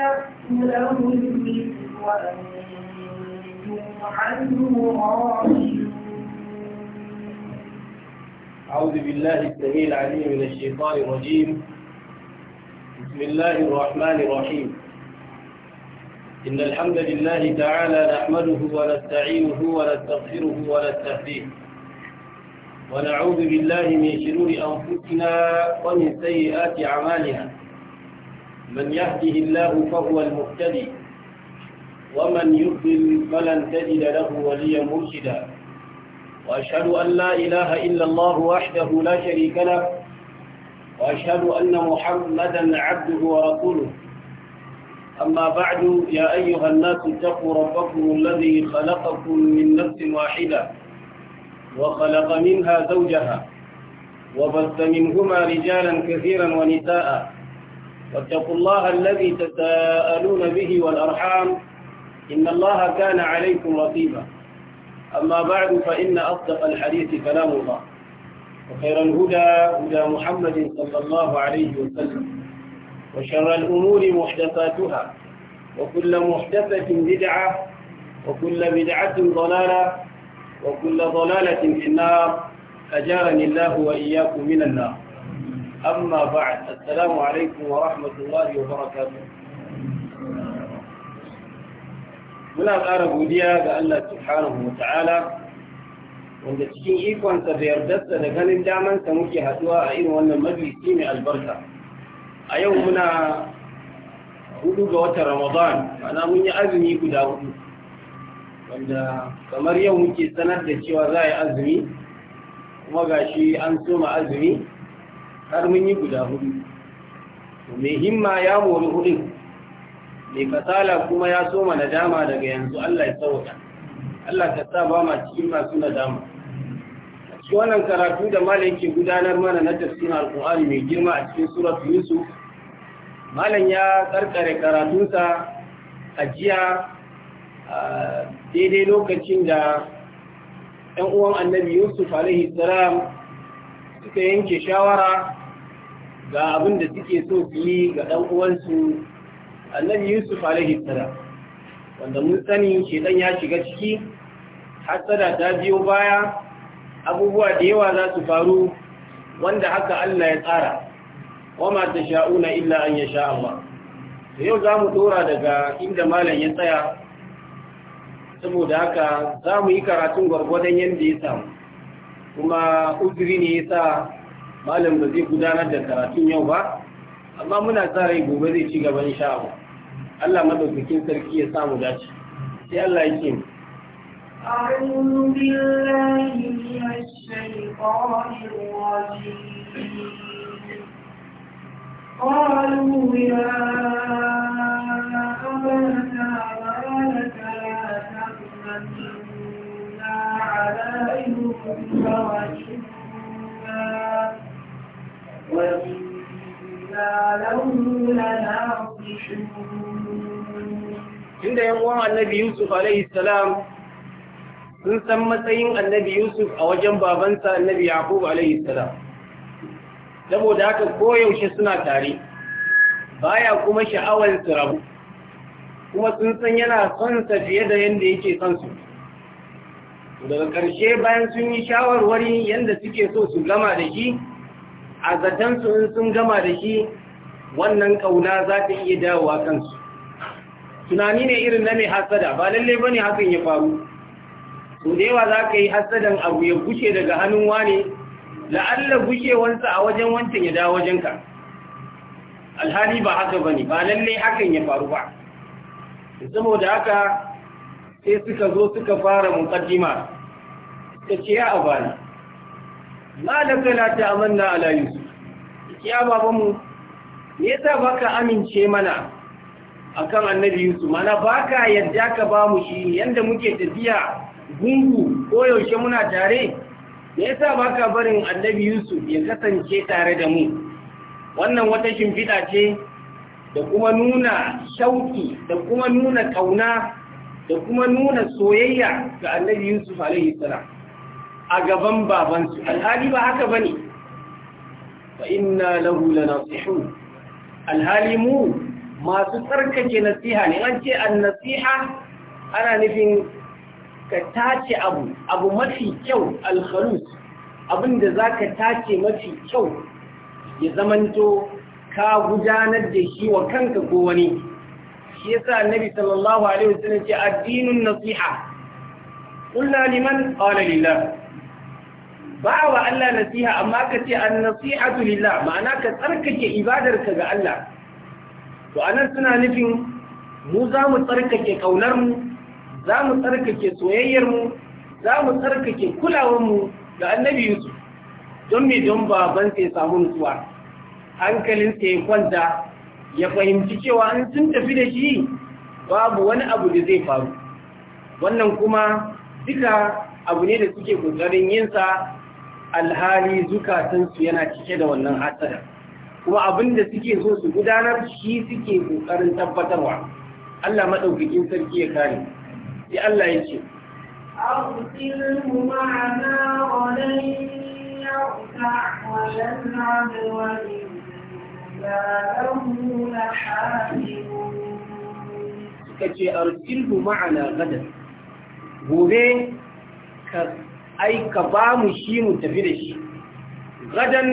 أعوذ بالله السميع العليم من الشيطان الرجيم بسم الله الرحمن الرحيم إن الحمد لله تعالى نحمده ونستعينه ونستغفره ونستهديه ونعوذ بالله من شرور أنفسنا ومن سيئات أعمالنا من يهده الله فهو المهتدي ومن يضلل فلن تجد له وليا مرشدا وأشهد أن لا إله إلا الله وحده لا شريك له وأشهد أن محمدا عبده ورسوله أما بعد يا أيها الناس اتقوا ربكم الذي خلقكم من نفس واحدة وخلق منها زوجها وبث منهما رجالا كثيرا ونساء واتقوا الله الذي تساءلون به والأرحام إن الله كان عليكم رقيبا أما بعد فإن أصدق الحديث كلام الله وخير الهدى هدى محمد صلى الله عليه وسلم وشر الأمور محدثاتها وكل محدثة بدعة وكل بدعة ضلالة وكل ضلالة في النار أجارني الله وإياكم من النار أما بعد السلام عليكم ورحمة الله وبركاته muna ƙara godiya ga Allah subhanahu ta'ala wanda cikin ikonsa da yardarsa da ganin damansa muke haɗuwa a irin wannan majalisi mai albarka a yau muna hudu ga watan ramadan ana mun yi azumi guda hudu wanda kamar yau muke sanar da cewa za a yi azumi kuma gashi an soma azumi har mun yi guda hudu mai himma ya mori hudun mai kasala kuma ya soma nadama daga yanzu Allah ya tsawata Allah ka sa ba ma cikin masu nadama a cikin wannan karatu da malam yake gudanar mana na tafsirin alkur'ani mai girma a cikin suratu yusuf malam ya karkare karatunsa a jiya daidai lokacin da ‘yan uwan annabi yusuf alaihi salam suka yanke shawara ga abin da suke so su ga ɗan uwansu annabi yusuf alaihi salam wanda mun sani shedan ya shiga ciki hasada ta biyo baya abubuwa da yawa za su faru wanda haka Allah ya tsara ta sha'una illa an sha Allah to yau za mu dora daga inda malam ya tsaya saboda haka za mu yi karatun gwargwadon yadda ya samu kuma uzuri ne sa. malam ba zai gudanar da karatun yau ba amma muna sa rai gobe zai ci gaban sha'awa Allah madaukakin sarki ya samu dace sai Allah yake mu أعوذ بالله من الشيطان الرجيم قالوا يا أبانا ما لك لا تأمنا على يوسف وإنا Tunda yan uwan annabi Yusuf alaihi salam sun san matsayin annabi Yusuf a wajen babansa annabi Yaqub alaihi salam. Saboda haka koyaushe suna tare, baya kuma sha'awar sirabu. kuma sun san yana son sa fiye da yadda yake son su. Daga ƙarshe bayan sun yi shawarwari yadda suke so su gama da shi, a zatansu in sun gama da shi wannan ƙauna za ta iya dawowa kansu tunani ne irin na mai hasada ba lalle ba ne hakan ya faru su da yawa za ka yi hasadan abu ya gushe daga hannun wane la'alla gushewansa a wajen wancan ya dawo ka. alhali ba haka ba ne ba lalle hakan ya faru ba saboda haka sai suka zo suka fara mukaddima ta ce ya abani malaka da ta amanna ala yusuf ya mu, me yasa baka amince mana akan annabi yusuf mana baka yadda ka ba mu shi yanda muke tafiya gungu ko yaushe muna tare me yasa baka barin annabi yusuf ya kasance tare da mu wannan wata shimfiɗa ce da kuma nuna shauki da kuma nuna kauna da kuma nuna soyayya ga annabi yusuf alaihi salam a gaban babansu alhali ba haka ba ne fa inna lahu lanasihun alhali mu masu tsarkake nasiha ne an ce an nasiha ana nufin ka tace abu abu mafi kyau alkhalus abinda za ka tace mafi kyau ya zamanto ka gudanar da shi wa kanka ko wani shi yasa annabi sallallahu alaihi wasallam ce addinin nasiha qulna liman qala ba wa Allah nasiha amma ka ce an nasihatu lillah ma'ana ka tsarkake ibadarka ga Allah to anan suna nufin mu za mu tsarkake kaunar mu za mu tsarkake soyayyar mu za mu tsarkake kulawar mu ga Annabi Yusuf don me don baban sai samu nutsuwa hankalin sai kwanta ya fahimci cewa an sun tafi da shi babu wani abu da zai faru wannan kuma duka abu ne da suke kokarin yinsa alhali zukatansu yana cike da wannan hatsarin. kuma abinda suke so su gudanar shi suke kokarin tabbatarwa Allah madaukakin sarki ya kare sai Allah ya ce suka ce arsilhu ma'ana gadan gobe ka ai ka ba mu shi mu tafi da shi gadan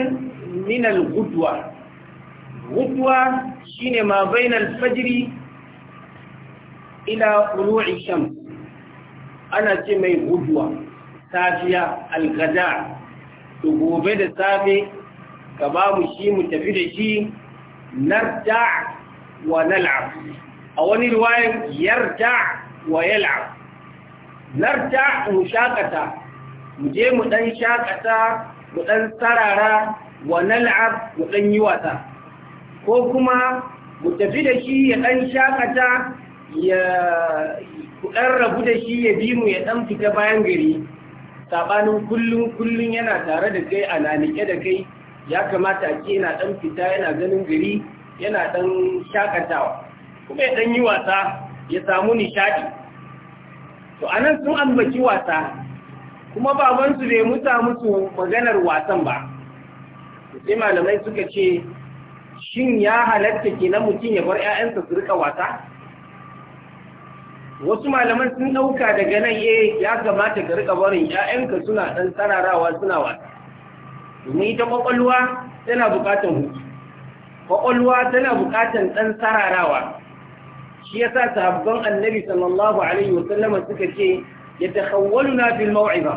minal gudwa gudwa shine ma bainal fajiri. ila ulu'i shams ana ce mai gudwa safiya algada to gobe da safe ka ba mu shi mu tafi da shi narta wa nal'ab a wani riwayan yarta wa yal'ab narta mu shakata mu je mu ɗan shakata mu ɗan sarara wa nal'ab mu ɗan yi wasa ko kuma mu tafi da shi ya ɗan shakata ya ɗan rabu da shi ya bi mu ya ɗan fita bayan gari saɓanin kullum kullum yana tare da kai a nanike da kai ya kamata a ce yana ɗan fita yana ganin gari yana ɗan shakatawa kuma ya ɗan yi wasa ya samu nishaɗi to anan sun ambaci wasa kuma babansu bai muta musu maganar wasan ba sai malamai suka ce shin ya halatta na mutum ya bar 'ya'yansa su rika wasa wasu malaman sun ɗauka daga nan eh ya kamata ka rika barin 'ya'yanka suna ɗan sararawa suna wasa domin ita kwakwalwa tana buƙatar hutu kwakwalwa tana buƙatar ɗan sararawa shi yasa sahabban annabi sallallahu alaihi wasallama suka ce yatakhawwaluna fil maw'iza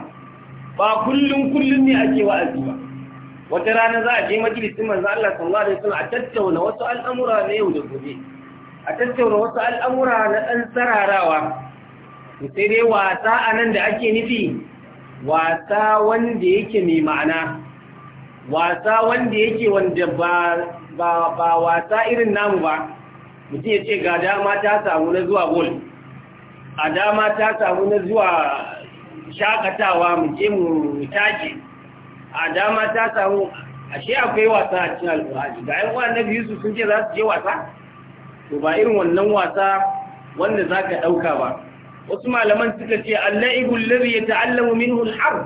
ba kullum kullum ne ake wa'azi ba wata rana za a je majalisin manzo Allah sallallahu alaihi wasallam a tattauna wasu al'amura na yau da gobe a tattauna wasu al'amura na dan sararawa to sai dai wasa anan da ake nufi wasa wanda yake mai ma'ana wasa wanda yake wanda ba ba wasa irin namu ba mutum ya ce ga dama ta samu na zuwa gol a dama ta samu na zuwa shakatawa mu je mu tashi a dama ta samu ashe akwai wasa a cikin alƙur'ani ga ƴan na biyu su sun ce za su je wasa to ba irin wannan wasa wanda za ka dauka ba wasu malaman suka ce al-la'ibul ladhi yata'allamu minhu al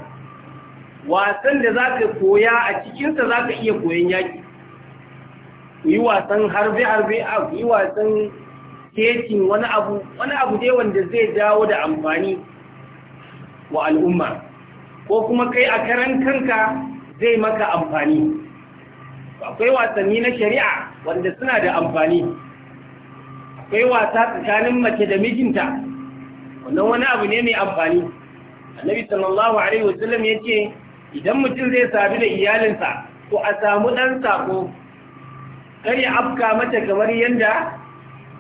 wasan da za ka koya a cikin sa ka iya koyon yaki ku yi wasan harbe harbe a ku yi wasan creating wani abu wani abu dai wanda zai dawo da amfani wa al'umma ko kuma kai a karan kanka zai maka amfani akwai wasanni na shari'a wanda suna da amfani akwai wasa tsakanin mace da mijinta wannan wani abu ne mai amfani annabi sallallahu alaihi wasallam yake idan mutum zai sabu da iyalinsa to a samu ɗan sako kare afka mata kamar yadda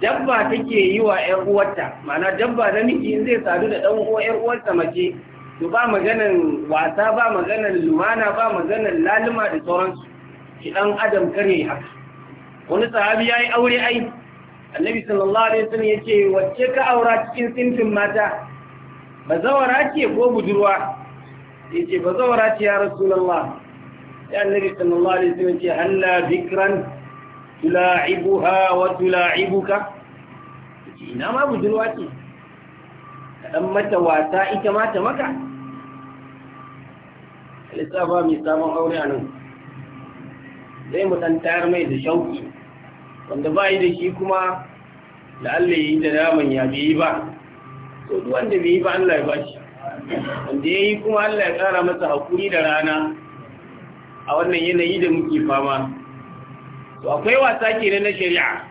dabba take yi wa ‘yan uwarta mana dabba na miki zai sadu da ɗan uwa uwarta mace to ba maganan wasa ba maganan lumana ba maganan laluma da sauransu shi ɗan adam kare haka wani sahabi ya yi aure ai annabi sallallahu alaihi wasallam ya ce wacce ka aura cikin sintin mata bazawara ce ko budurwa ya ce bazawara ce ya rasulallah ya annabi sallallahu alaihi wasallam ya ce halla bikran tula'ibuha wa tula'ibuka ina ma budurwa ce kaɗan mata wasa ita mata maka alisa ba mai samun aure a nan zai mu ɗan tayar mai da shauki wanda ba yi da shi kuma da Allah ya yi da daman ya bi yi ba so duk wanda bai yi ba Allah ya ba shi wanda ya yi kuma Allah ya kara masa haƙuri da rana a wannan yanayi da muke fama to akwai wasa kenan na shari'a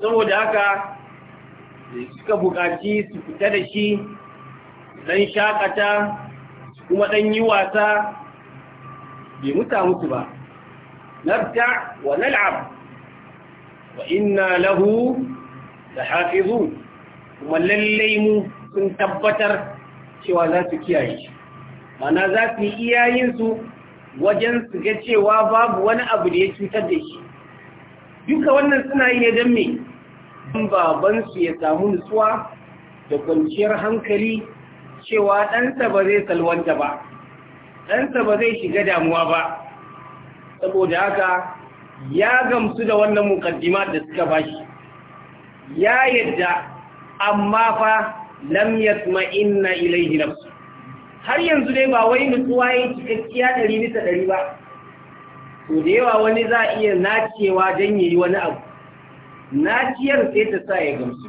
saboda haka suka bukaci su fita da shi dan shakata kuma dan yi wasa bai muta musu ba nabta wa nal'ab wa inna lahu hafizu. kuma lallai mu sun tabbatar cewa za su kiyaye shi mana za su yi iyayensu wajen su ga cewa babu wani abu da ya cutar da shi duka wannan suna yi ne don me don babansu ya samu nutsuwa da kwanciyar hankali cewa ɗansa ba zai salwanta ba ɗansa ba zai shiga damuwa ba saboda haka ya gamsu da wannan mukaddima da suka bashi ya yadda amma fa lam inna ilayhi nafsu har yanzu dai ba wai nutsuwa yake cikakkiya 100 bisa 100 ba to da yawa wani za a iya naciyewa don yi wani abu naciyar sai ta sa ya gamsu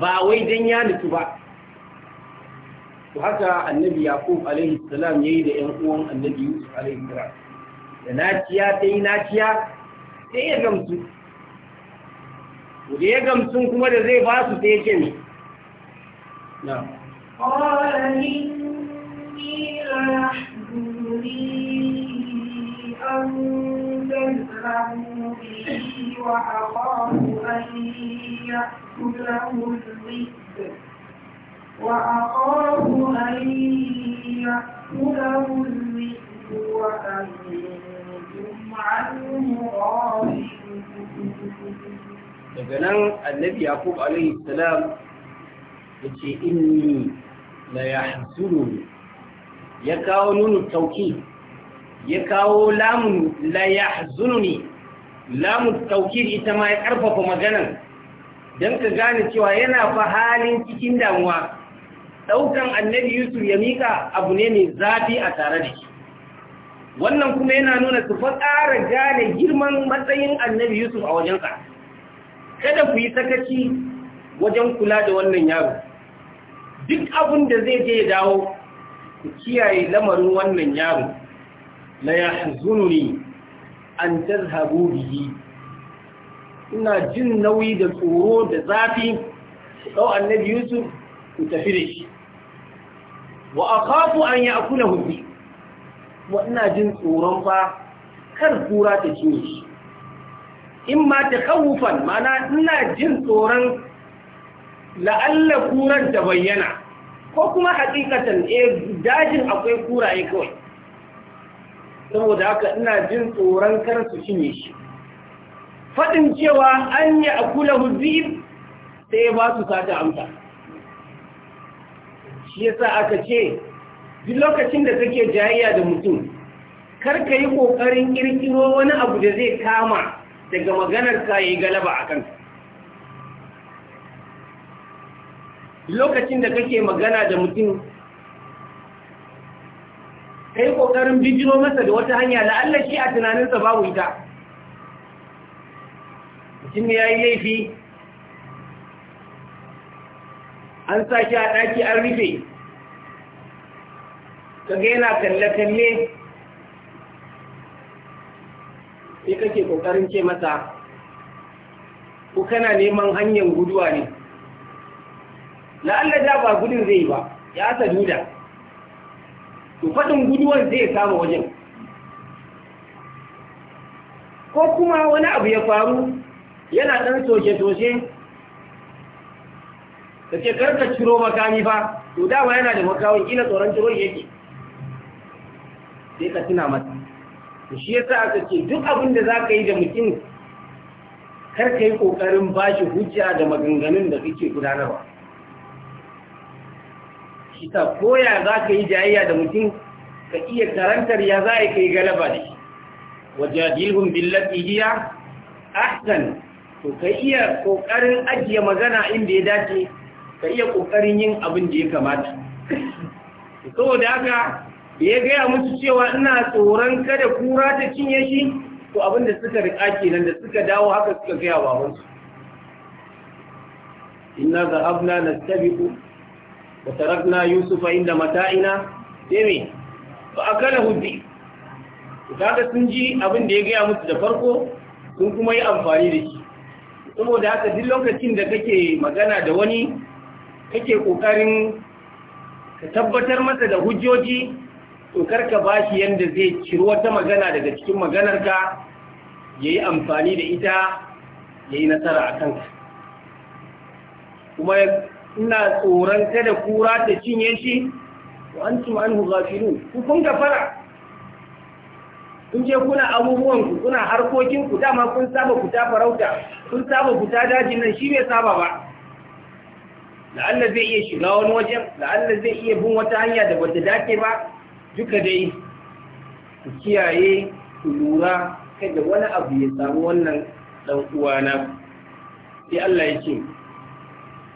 ba wai don ya nufi ba to haka annabi yaqub alaihi salam yi da yan uwan annabi yusuf alaihi salam da naciya ta yi naciya sai ya gamsu da ya gamsu kuma da zai ba su sai ya ne na قال إني ليحزنني أن تذهبوا به وأخاف أن يأكله الذئب وأخاف أن يأكله الذئب وأنتم عنه غافلون daga nan annabi yaqub alaihi salam yace inni la yahzuru ya kawo nunu tauki ya kawo lamun la yahzununi lamun ɗaukiri ita ma ya karfafa maganan dan ka gane cewa yana fa halin cikin damuwa daukan annabi Yusuf ya mika abu ne mai zafi a tare da shi wannan kuma yana nuna su fa ƙara gane girman matsayin annabi Yusuf a wajensa kada ku yi sakaci wajen kula da wannan yaro duk abin da zai je ya dawo ku kiyaye lamarin wannan yaro la yahzununi an tazhabu biyi, ina jin nauyi da tsoro da zafi dau annabi yusuf ku tafi da shi wa akhafu an ya'kulahu bi wa ina jin tsoron fa kar kura ta cinye shi in ma takhawufan mana ina jin tsoron la'alla kuran ta bayyana ko kuma hakikatan e dajin akwai kuraye kawai saboda haka ina jin tsoron kar su cinye shi faɗin cewa an yi akula huzib sai ba su sata amsa shi yasa aka ce duk lokacin da kake jayayya da mutum kar ka yi ƙoƙarin ƙirƙiro wani abu da zai kama daga maganar ka yi galaba a kanka lokacin da kake magana da mutum kai kokarin bijiro masa da wata hanya la'alla shi a tunaninsa babu ita mutum ya yi laifi an sa shi a ɗaki an rufe Ka ga yana kalle-kalle sai kake kokarin ce masa ko kana neman hanyar guduwa ne la'alla da ba gudun zai ba ya ta duda to faɗin guduwan zai kama wajen ko kuma wani abu ya faru yana ɗan soke-soke da ke karka ciro makami fa to dama yana da makawai ina tsoron ciro yake sai ka tuna mata da shi yasa aka ce duk abin da za ka yi da mutum kar ka yi ƙoƙarin ba shi hujja da maganganun da kake gudanarwa kita ko koya za ka yi jayayya da mutum ka iya karantar ya za a yi galaba da shi wajadilhum billati hiya ahsan to ka iya kokarin ajiye magana inda ya dace ka iya kokarin yin abin da ya kamata saboda haka da ya gaya musu cewa ina tsoron kada kura ta cinye shi to abin da suka riƙa kenan da suka dawo haka suka gaya babansu inna zahabna nastabiqu wa tarakna yusufa inda mata'ina sai me kaga sun ji abin da ya gaya musu da farko sun kuma yi amfani da shi saboda haka duk lokacin da kake magana da wani kake kokarin ka tabbatar masa da hujjoji to karka shi yanda zai ciro wata magana daga cikin maganarka yayi amfani da ita yayi nasara a kanka kuma ina tsoron kada kura da cinye shi wa an anhu ghafilun ku kun gafara kun je kuna abubuwan ku kuna harkokin ku dama kun saba ku ta farauta kun saba ku ta dajin nan shi bai saba ba Allah zai iya shiga wani wajen Allah zai iya bin wata hanya da bata dace ba duka dai ku kiyaye ku lura kada wani abu ya samu wannan dan uwana sai Allah ya ce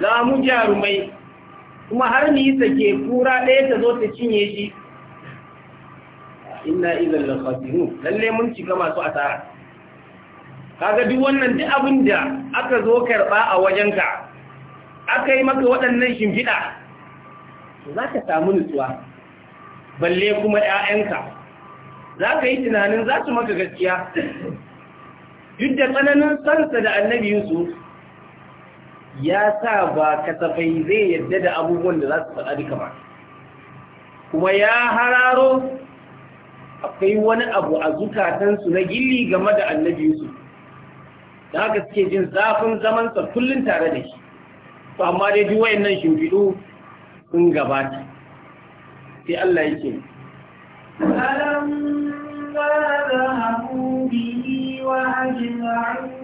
za mu jarumai kuma har ni sake kura ɗaya ta zo ta cinye shi inna idan la lalle mun cika masu asara kaga duk wannan duk abin da aka zo karba a wajenka aka yi maka waɗannan shimfiɗa za ka samu nutsuwa balle kuma 'ya'yanka za ka yi tunanin za su maka gaskiya duk da tsananin sansa da annabi yusuf ya sa ba kasafai zai yadda da abubuwan da za su faɗa duka ba kuma ya hararo akwai wani abu a zukatansu na gilli game da annabi su da haka suke jin zafin zamansa kullum tare da shi to amma dai duk wayannan shimfiɗu sun gabata sai Allah yake alam ma zahabu bihi wa ajma'u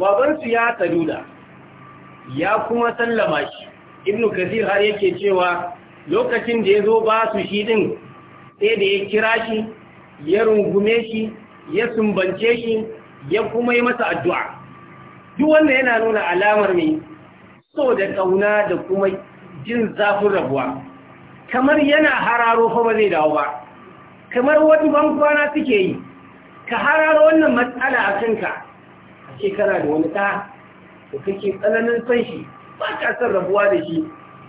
Babansu ya taduda, ya kuma sallama shi, Ibn Kathir har yake cewa lokacin da ya zo ba su shi din sai da ya kira shi ya rungume shi ya sumbance shi ya kuma yi masa addu'a duk wanda yana nuna alamar mai so da ƙauna da kuma jin zafin rabuwa kamar yana hararo fa ba zai dawo ba kamar wani bankwana suke yi ka hararo wannan matsala a kanka a shekara kana da wani ta, da kake tsananin son shi ba ka son rabuwa da shi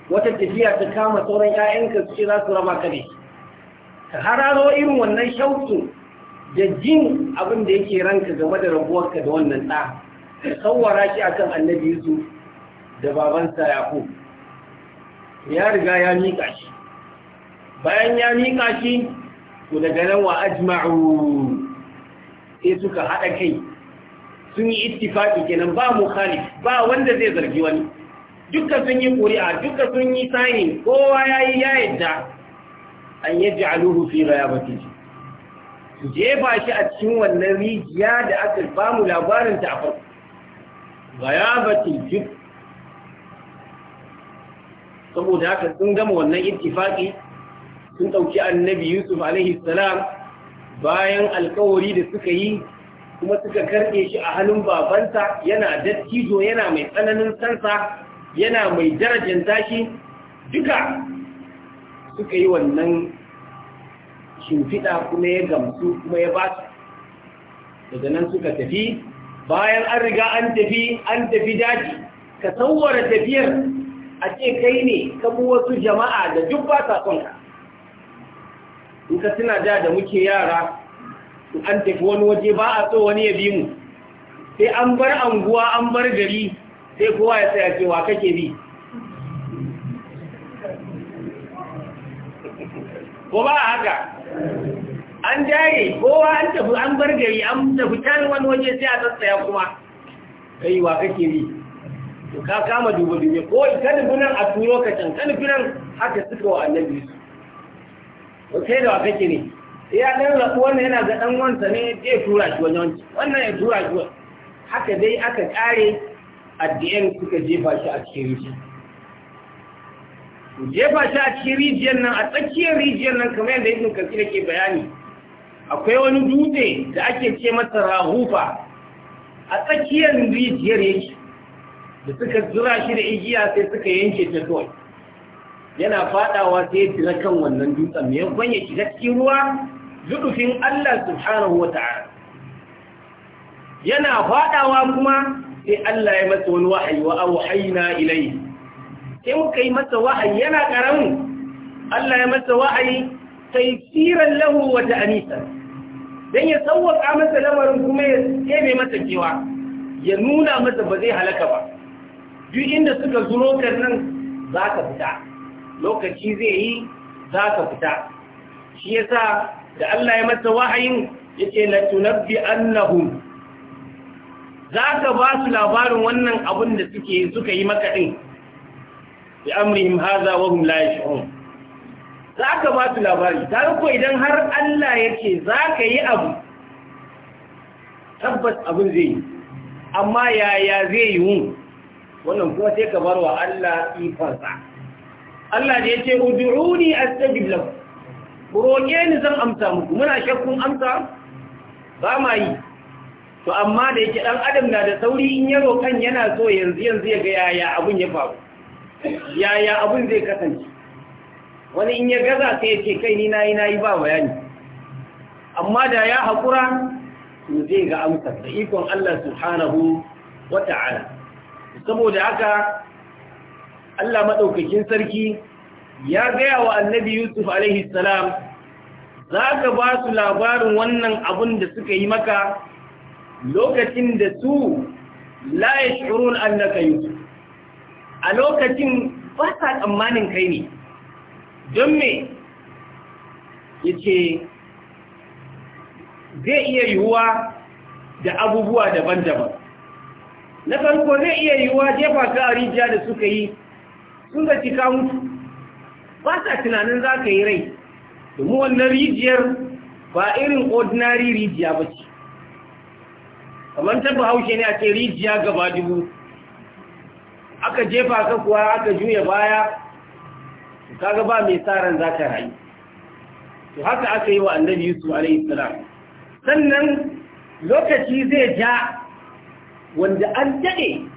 wata tafiya ta kama sauran 'ya'yanka su ce za su raba ka shi ka hararo irin wannan shauƙin da jin abin da yake ranka game da rabuwarka da wannan ɗa ka tsawara shi kan annabi su da babansa ku, ya riga ya miƙa shi bayan ya miƙa shi ku daga nan wa ajma'u sai suka haɗa kai sun yi ittifaki kenan ba mukhalif ba wanda zai zargi wani dukkan sun yi ƙuri'a dukkan sun yi sani kowa ya yi ya yadda an yaj'aluhu fi ghayabatihi su jefa shi a cikin wannan rijiya da aka bamu labarin ta a farko ghayabatil jib saboda haka sun gama wannan ittifaqi sun dauki annabi Yusuf alaihi salam bayan alkawari da suka yi kuma suka karɓe shi a hannun babansa yana dattijo yana mai tsananin sansa yana mai darajar tashi duka suka yi wannan shimfiɗa kuma ya gamsu kuma ya ba su daga nan suka tafi bayan an riga an tafi an tafi daji ka tsawara tafiyar a ce kai ne ka bi wasu jama'a da duk ba sa son in ka suna da da muke yara in an tafi wani waje ba a so wani ya bi mu sai an bar anguwa an bar gari sai kowa ya tsaya cewa kake bi ko ba haka an jaye kowa an tafi an bar gari an tafi can wani waje sai a tsatsaya kuma kai wa kake yi to ka kama dubu dubu ko kan dubu a turo ka can kan dubu haka suka wa annabi su to sai da wa kake ne sai ya dan rabu wannan yana ga dan wansa ne zai tura shi wajen wannan ya tura shi haka dai aka kare addiyan suka jefa shi a cikin rijiya jefa shi a cikin rijiyar nan a tsakiyar rijiyar nan kamar yadda ibn kasir yake bayani akwai wani dutse da ake ce masa rahufa a tsakiyar rijiyar yake da suka zura shi da igiya sai suka yanke ta kawai yana fadawa sai ya tira kan wannan dutsen mai yawan ya shiga cikin ruwa zudufin Allah subhanahu wa ta'ala yana fadawa kuma sai Allah ya masa wani wahayi wa auhayna ilayhi sai muka yi masa wahayi yana ƙaramin Allah ya masa wahayi taisiran lahu wata anisa dan ya sauwaka masa lamarin kuma ya kebe masa kewa ya nuna masa ba zai halaka ba duk inda suka zuro kan nan za ka fita lokaci zai yi za ka fita shi yasa da Allah ya masa wahayin yace na tunabbi annahum za ka ba su labarin wannan abin da suke suka yi makaɗin? bi amrihim hadha wa hum la yash'un za ka ba su labari ta ko idan har Allah ya ce za ka yi abu tabbas abin zai yi amma yaya zai yi wannan kuma sai ka bar wa Allah ifansa Allah ne ya ce ud'uni astajib lakum ku ni zan amsa muku muna shakkun amsa ba ma yi to amma da yake dan adam na da sauri in yaro kan yana so yanzu yanzu ya ga yaya abin ya faru yaya abin zai kasance wani in ya gaza sai ya ce kai ni nayi nayi ba bayani amma da ya haƙura to zai ga amsar da ikon Allah subhanahu ta'ala saboda haka Allah madaukakin sarki ya gaya wa annabi Yusuf alaihi salam za ka ba su labarin wannan abin da suka yi maka lokacin da su la yashurun annaka Yusuf a lokacin ba sa tsammanin kai ne don me ya ce zai iya yiwuwa da abubuwa daban-daban na farko zai iya yiwuwa jefa ka a rijiya da suka yi sun ga cika mutu ba sa tunanin za ka yi rai domin wannan rijiyar ba irin ordinary rijiya ba ce kamar ta bahaushe ne a ce rijiya gaba dubu aka jefa ka kuwa aka juya baya kaga ba mai tsaron za ka rayu to haka aka yi wa annabi yusuf alaihi salam sannan lokaci zai ja wanda an daɗe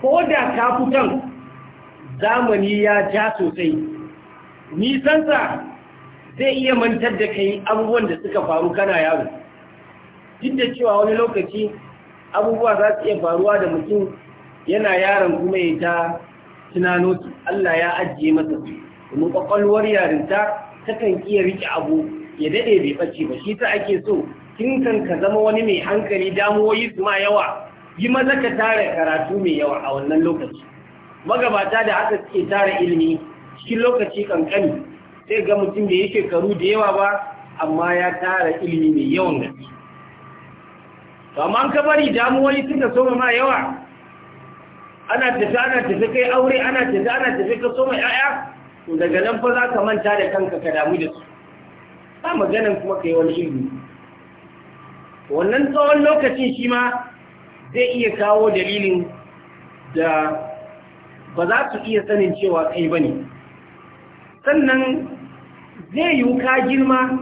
ko da ka fitan zamani ya ja sosai nisansa zai iya mantar da kai abubuwan da suka faru kana yaro duk da cewa wani lokaci abubuwa za su iya faruwa da mutum yana yaron kuma ya ta tunano Allah ya ajiye masa su domin kwakwalwar yarinta takan iya riƙe abu ya daɗe bai ɓace ba shi ta ake so kin kan ka zama wani mai hankali damuwoyi su ma yawa yi maza ka tara karatu mai yawa a wannan lokaci magabata da aka suke tara ilimi cikin lokaci kankani sai ga mutum da ya shekaru da yawa ba amma ya tara ilimi mai yawan gaske to amma ka bari damuwoyi suka soma ma yawa ana tafi ana tafi kai aure ana tafi ana tafi ka soma yaya to daga nan fa za ka manta da kanka ka damu da su ba maganan kuma ka yi wani ilimi wannan tsawon lokacin shi ma zai iya kawo dalilin da ba za su iya sanin cewa kai ba ne sannan zai yi ka girma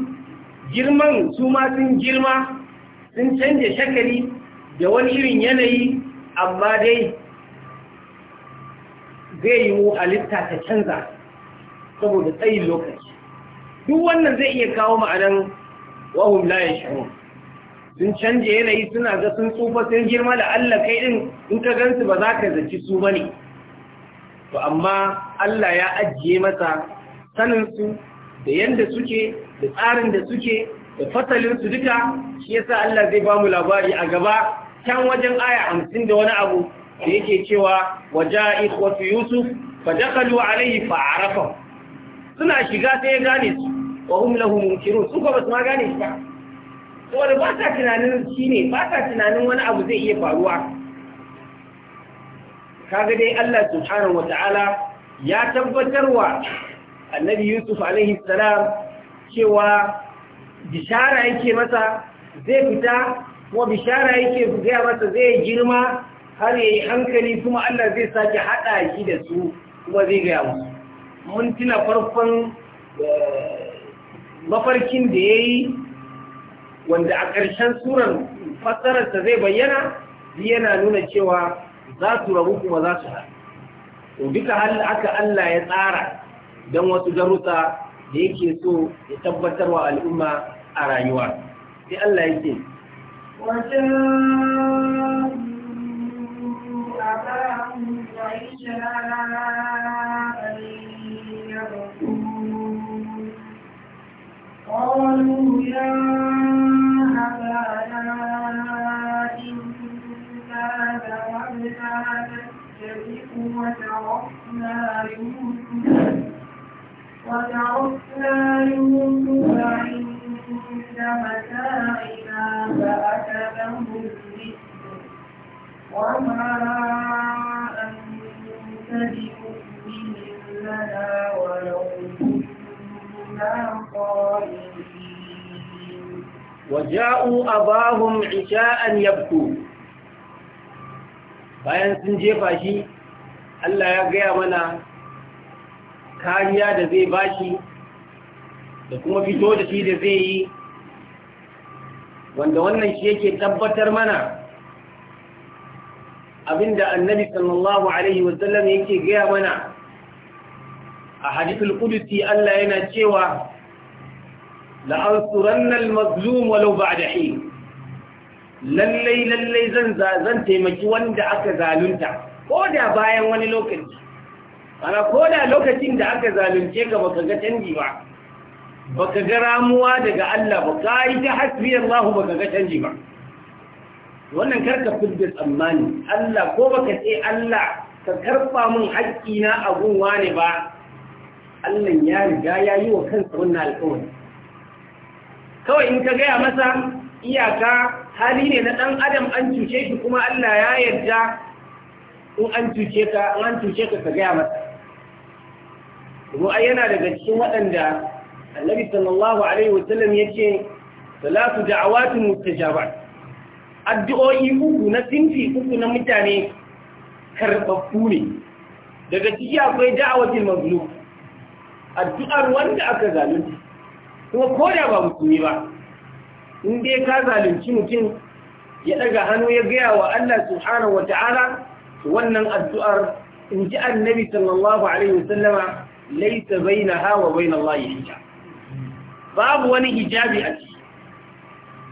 girman su ma sun girma sun canja shakari da wani irin yanayi amma dai zai yi halitta ta canza saboda tsayin lokaci duk wannan zai iya kawo ma'anan wahum la yashurun sun canje yanayi suna ga sun tsufa sun girma da Allah kai din in ka gansu ba za ka zaci su ba ne. to amma Allah ya ajiye masa saninsu da yadda suke da tsarin da suke da fasalinsu duka shi yasa Allah zai ba mu labari a gaba can wajen aya hamsin da wani abu da yake cewa waja ikwatu yusuf fa dakalu alayhi fa arafa suna shiga sai ya gane su wa hum lahu munkirun su ba su ma gane shi ba da ba ta tunanin shi ne ba ta tunanin wani abu zai iya faruwa kaga dai Allah subhanahu ta'ala ya tabbatarwa annabi Yusuf alayhi salam cewa bishara yake masa zai fita kuma bishara yake gaya masa zai girma har yi hankali kuma Allah zai sake haɗa shi da su kuma zai gaya musu mun tuna farkon eh, mafarkin da ya yi wanda a ƙarshen suran fasararsa zai bayyana yana nuna cewa za su rabu kuma za su haɗu duka haka Allah ya tsara don wasu darussa da yake so ya tabbatar wa al'umma a rayuwa sai Allah yake wajen آباءهم وإن شاء أن يغفر an bayan sun jefa shi Allah ya gaya mana kariya da zai bashi da kuma fito da shi da zai yi wanda wannan shi yake tabbatar mana abinda annabi sallallahu alaihi wasallam yake gaya mana a hadithul qudsi Allah yana cewa la ansuranna al-mazlum walau ba'da hin lallai lallai zan zan taimaki wanda aka zalunta ko da bayan wani lokaci ana ko da lokacin da aka zalunce ka baka ga canji ba baka ga ramuwa daga Allah ba ka ta hasbi Allah baka ga canji ba wannan karka fidda tsammani Allah ko baka ce Allah ka karba mun haƙƙi na abun wane ba Allah ya riga ya yi wa kansa wannan alƙawari kawai in ka gaya masa iyaka hali ne na ɗan adam an cuce shi kuma Allah ya yarda in an cuce ka in an cuce ka ka gaya masa kuma ai yana daga cikin waɗanda annabi sallallahu alaihi sallam yake salatu da'awatu mustajaba addu'o'i uku na sinfi uku na mutane karbabbu ne daga ciki akwai da'awatul mazlum addu'ar wanda aka zalunta kuma ko da ba musulmi ba in dai ka zalunci mutum ya daga hannu ya gaya wa Allah subhanahu wata'ala wannan addu'ar in ji annabi sallallahu alaihi wasallama laita bainaha wa Allah hijja babu wani hijabi a ciki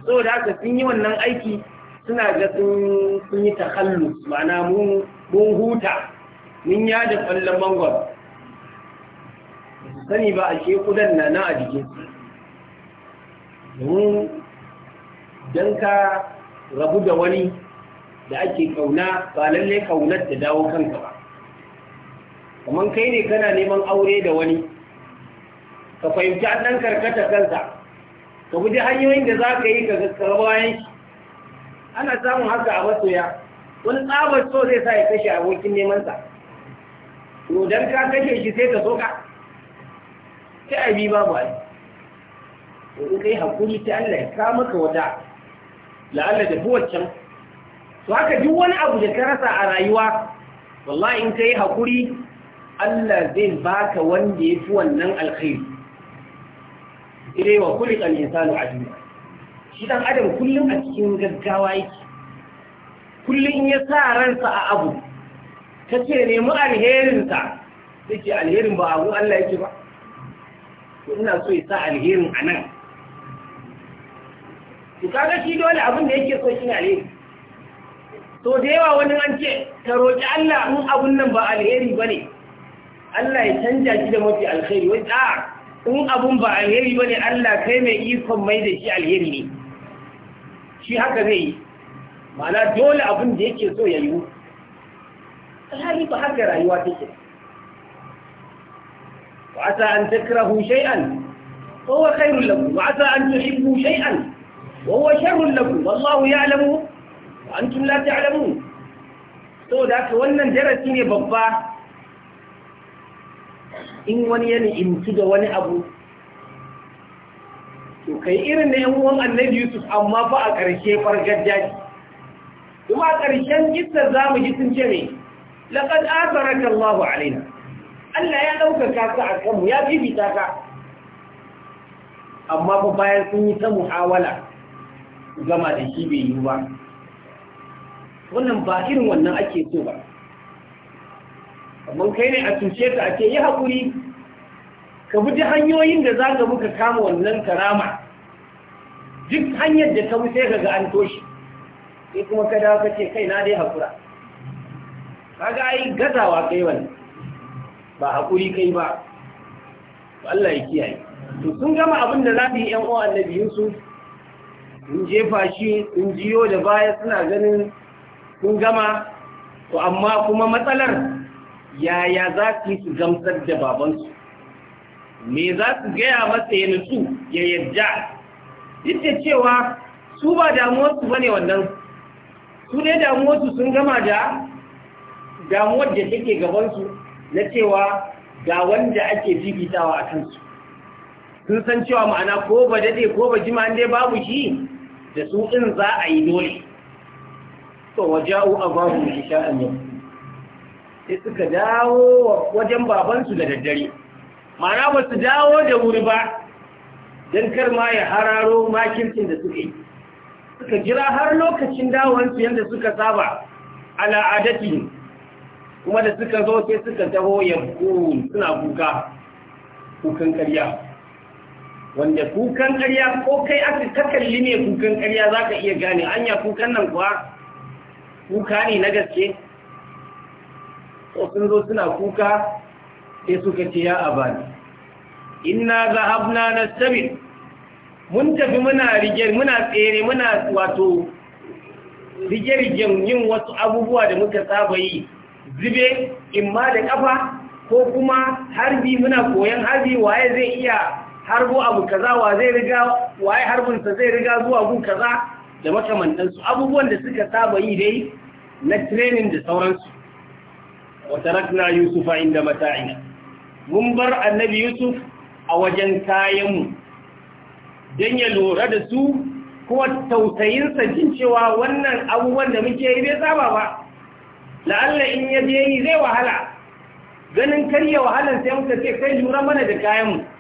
saboda haka sun yi wannan aiki suna ga sun yi takallu ma'ana mun huta mun yada kwallon mangwaro sani ba a shekudan na na a jikin don ka rabu da wani da ake kauna ba lallai kaunar ta dawo kanka ba kamar kai ne kana neman aure da wani ka fahimci an ɗan karkata kansa ka guji hanyoyin da za ka yi ka gaskara bayan shi ana samun haka a masoya wani tsabar so zai sa ya kashe abokin nemansa to don ka kashe shi sai ka soka sai a babu ai to in kai hakuri ta Allah ya ka maka wata la'alla da buwaccan to haka duk wani abu da ka rasa a rayuwa wallahi in yi hakuri Allah zai baka wanda ya fi wannan alkhairi idai wa kulli kan insanu ajiya shi dan adam kullum a cikin gaggawa yake kullum in ya sa ransa a abu ta ce nemi alherinsa sai ce alherin ba abu Allah yake ba ina so ya sa alherin a nan su kaga shi dole abin da yake so shine alheri to da yawa wani an ce ka roƙi Allah in abun nan ba alheri bane Allah ya canja shi da mafi alheri wai a in abun ba alheri bane Allah kai mai ikon mai da shi alheri ne shi haka zai yi ma'ana dole abin da yake so ya yi alhali ba haka rayuwa take wa asa an takrahu shay'an wa huwa khairul lakum wa asa an tuhibbu shay'an وهو شر لكم والله يعلم وأنتم لا تعلمون to da haka wannan darasi ne babba in wani ya imtu da wani abu to kai irin na uwan annabi Yusuf amma ba a ƙarshe fargar daji kuma a ƙarshen kissa za mu ji sun ce ne laqad asaraka Allahu Alina'. Allah ya ɗaukaka ka a kanmu ya fifita ka amma fa bayan sun yi ta muhawala gama da shi bai yiwu ba wannan ba irin wannan ake so ba amma kai ne a tushe ta ake yi haƙuri ka bi hanyoyin da za ka muka kama wannan karama duk hanyar da ta wuce ga an toshi sai kuma ka dawo ka ce kai na dai haƙura ga ai gazawa kai wani ba haƙuri kai ba Allah ya kiyaye to sun gama abin da za su yi ƴan uwa annabi Yusuf in jefa shi in jiyo da baya suna ganin sun gama to amma kuma matsalar yaya za su yi su gamsar da babansu me za su gaya masa ya nutsu ya yadda duk da cewa su ba damuwarsu ba ne wannan su ne damuwarsu sun gama da damuwar da take gabansu na cewa ga wanda ake fifitawa a kansu sun san cewa ma'ana ko ba dade ko ba jima dai babu shi da su in za a yi dole to waja'u abahu isha'an yau sai suka dawo wajen babansu da daddare ma'ana ba su dawo da wuri ba don kar ma ya hararo makincin da suka yi suka jira har lokacin dawonsu yadda suka saba al'adati kuma da suka zo sai suka taho yankun suna kuka kukan karya wanda kukan ƙarya ko kai aka ka kalli ne kukan ƙarya za ka iya gane anya kukan nan kuwa kuka ne na gaske so sun zo suna kuka sai suka ce ya Ina za inna na nastabil mun tafi muna rigyar muna tsere muna wato rige-rigen yin wasu abubuwa da muka saba yi zube imma da kafa ko kuma harbi muna koyan harbi waye zai iya harbo abu kaza wa zai riga waye harbinsa zai riga zuwa gun kaza da makamantansu abubuwan da suka saba yi dai na training da sauransu wa tarakna yusufa inda mata'ina mun bar annabi yusuf a wajen kayanmu don ya lura da su kuma tausayinsa jin cewa wannan abubuwan da muke yi bai saba ba la'alla in ya je yi zai wahala ganin karya wahalar sai muka ce kai lura mana da kayanmu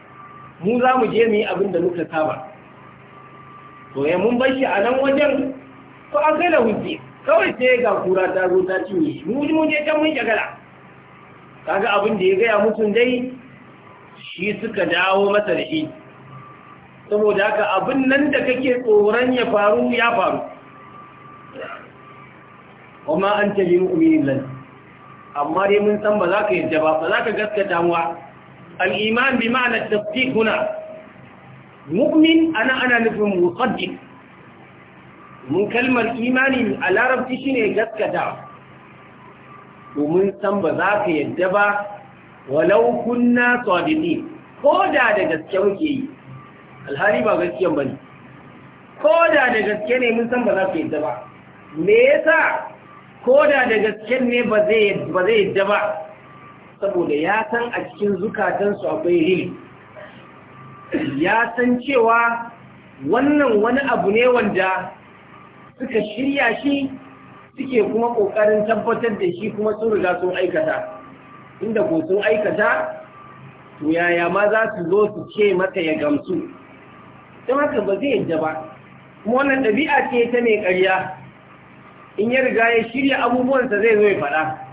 mu za mu je mu yi abin da muka saba to ya mun bar shi a nan wajen to an kai da kawai sai ga kura ta zo ta cinye mu mun je can mun shagala kaga abin da ya gaya mutum dai shi suka dawo masa da shi saboda haka abin nan da kake tsoron ya faru ya faru kuma an tabi mu'minin lan amma dai mun san ba za ka yi ba ba za ka gaskata muwa al'iman bi ma'ana tasdik huna mu'min ana ana nufin muqaddik mun kalmar imani a larabci ne gaskata domin san ba za ka yadda ba walau kunna sadidi ko da da gaske muke yi alhali ba gaskiyan bane ko da da gaske ne mun san ba za ka yadda ba me yasa ko da da gaske ne ba zai yadda ba saboda ya san a cikin zukatansu akwai hil ya san cewa wannan wani abu ne wanda suka shirya shi suke kuma ƙoƙarin tabbatar da shi kuma sun riga sun aikata inda ko sun aikata to yaya ma za su zo su ce mata ya gamsu don haka ba zai yadda ba kuma wannan ɗabi'a ce ta mai ƙarya in ya riga ya shirya abubuwansa zai zo ya faɗa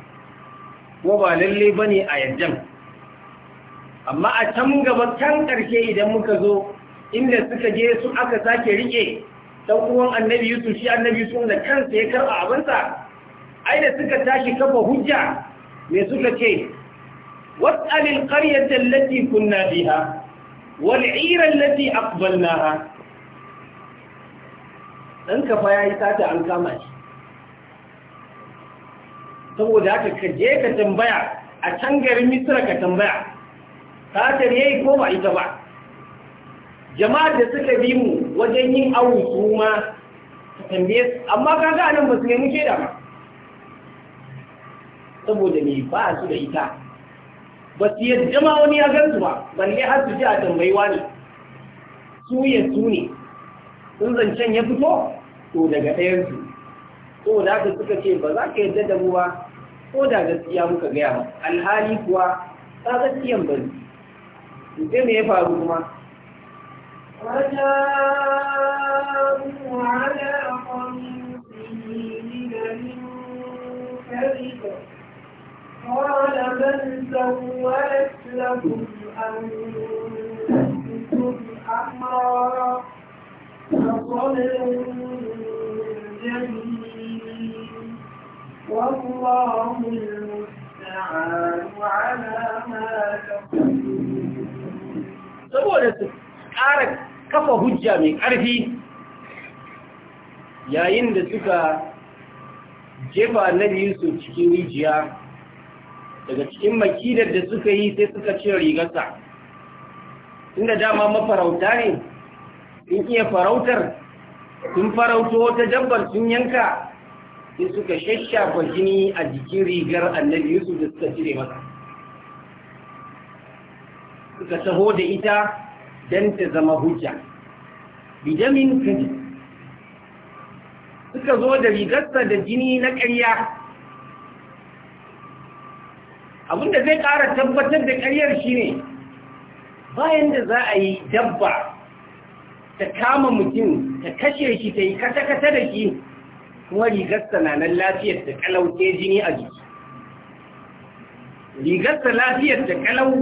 ko ba lalle ne a yaddan amma a can gaba can ƙarshe idan muka zo inda suka je su aka sake rike dan uwan annabi Yusuf shi annabi Yusuf da kansa ya karba abinsa ai da suka tashi kafa hujja me suka ce was'al al-qaryata kunna biya. biha wal 'ira allati aqbalnaha dan kafa yi sata an kama shi saboda haka ka je ka tambaya a can garin misira ka tambaya ta yayi ko ba ita ba jama'ar da suka bi mu wajen yin awu su ma su tambaye su amma kaga nan ba su nemi shaida ba saboda me ba su da ita ba su yi ma wani ya gansu ba balle har su ji a tambayiwa ne su ya su ne sun zancen ya fito to daga su Ko da ka suka ce ba za ka yarda da mu ba ko da gaskiya muka gaya ba alhali kuwa ta gaskiyan ba ne sai me ya faru kuma ọmọ بل ọmọ لكم ọmọ أمرا ọmọ جميل saboda su ƙara kafa hujja mai ƙarfi yayin da suka jefa na yusuf cikin rijiya daga cikin makidar da suka yi sai suka ce rigarsa inda dama mafarauta ne sun iya farautar sun farauto wata dabbar sun yanka sai suka shashafa jini a jikin rigar annabi yusuf da suka cire masa suka taho da ita don ta zama hujja bidamin kudi suka zo da rigarsa da jini na ƙarya abinda zai ƙara tabbatar da ƙaryar ne, bayan da za a yi dabba ta kama mutum ta kashe shi ta yi kata-kata da shi kuma rigar na nan lafiyar da kalau ke jini a jiki rigarsa lafiyar da kalau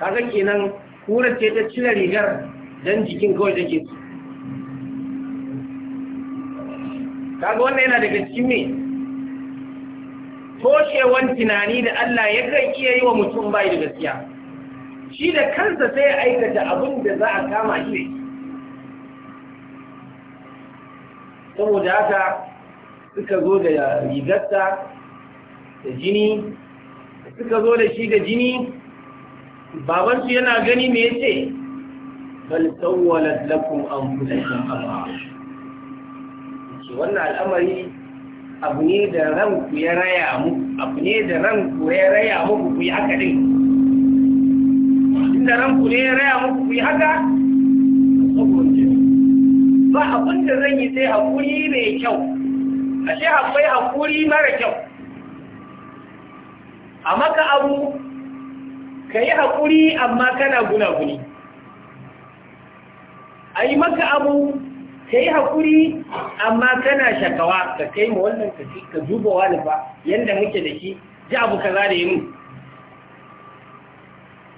kaga kenan kura ce ta cire rigar don jikin kawai ke su kaga wannan yana daga cikin me toshewan tunani da Allah ya kai iya yi wa mutum bai da gaskiya shi da kansa sai ya aikata abin da za a kama shi saboda haka suka zo da rigarsa da jini suka zo da shi da jini babansu yana gani me ce bal sawwalat lakum anfusakum amra shi wannan al'amari abu ne da ranku ya raya muku abu ne da ranku ya raya muku ku yi haka din inda ranku ne ya raya muku ku yi haka ba abin da zan yi sai haƙuri mai kyau ashe akwai haƙuri mara kyau a maka abu ka yi haƙuri amma kana gunaguni a yi maka abu ka yi haƙuri amma kana shakawa ka kai ma wannan ka zuba wani ba yadda muke da shi ji abu za da yi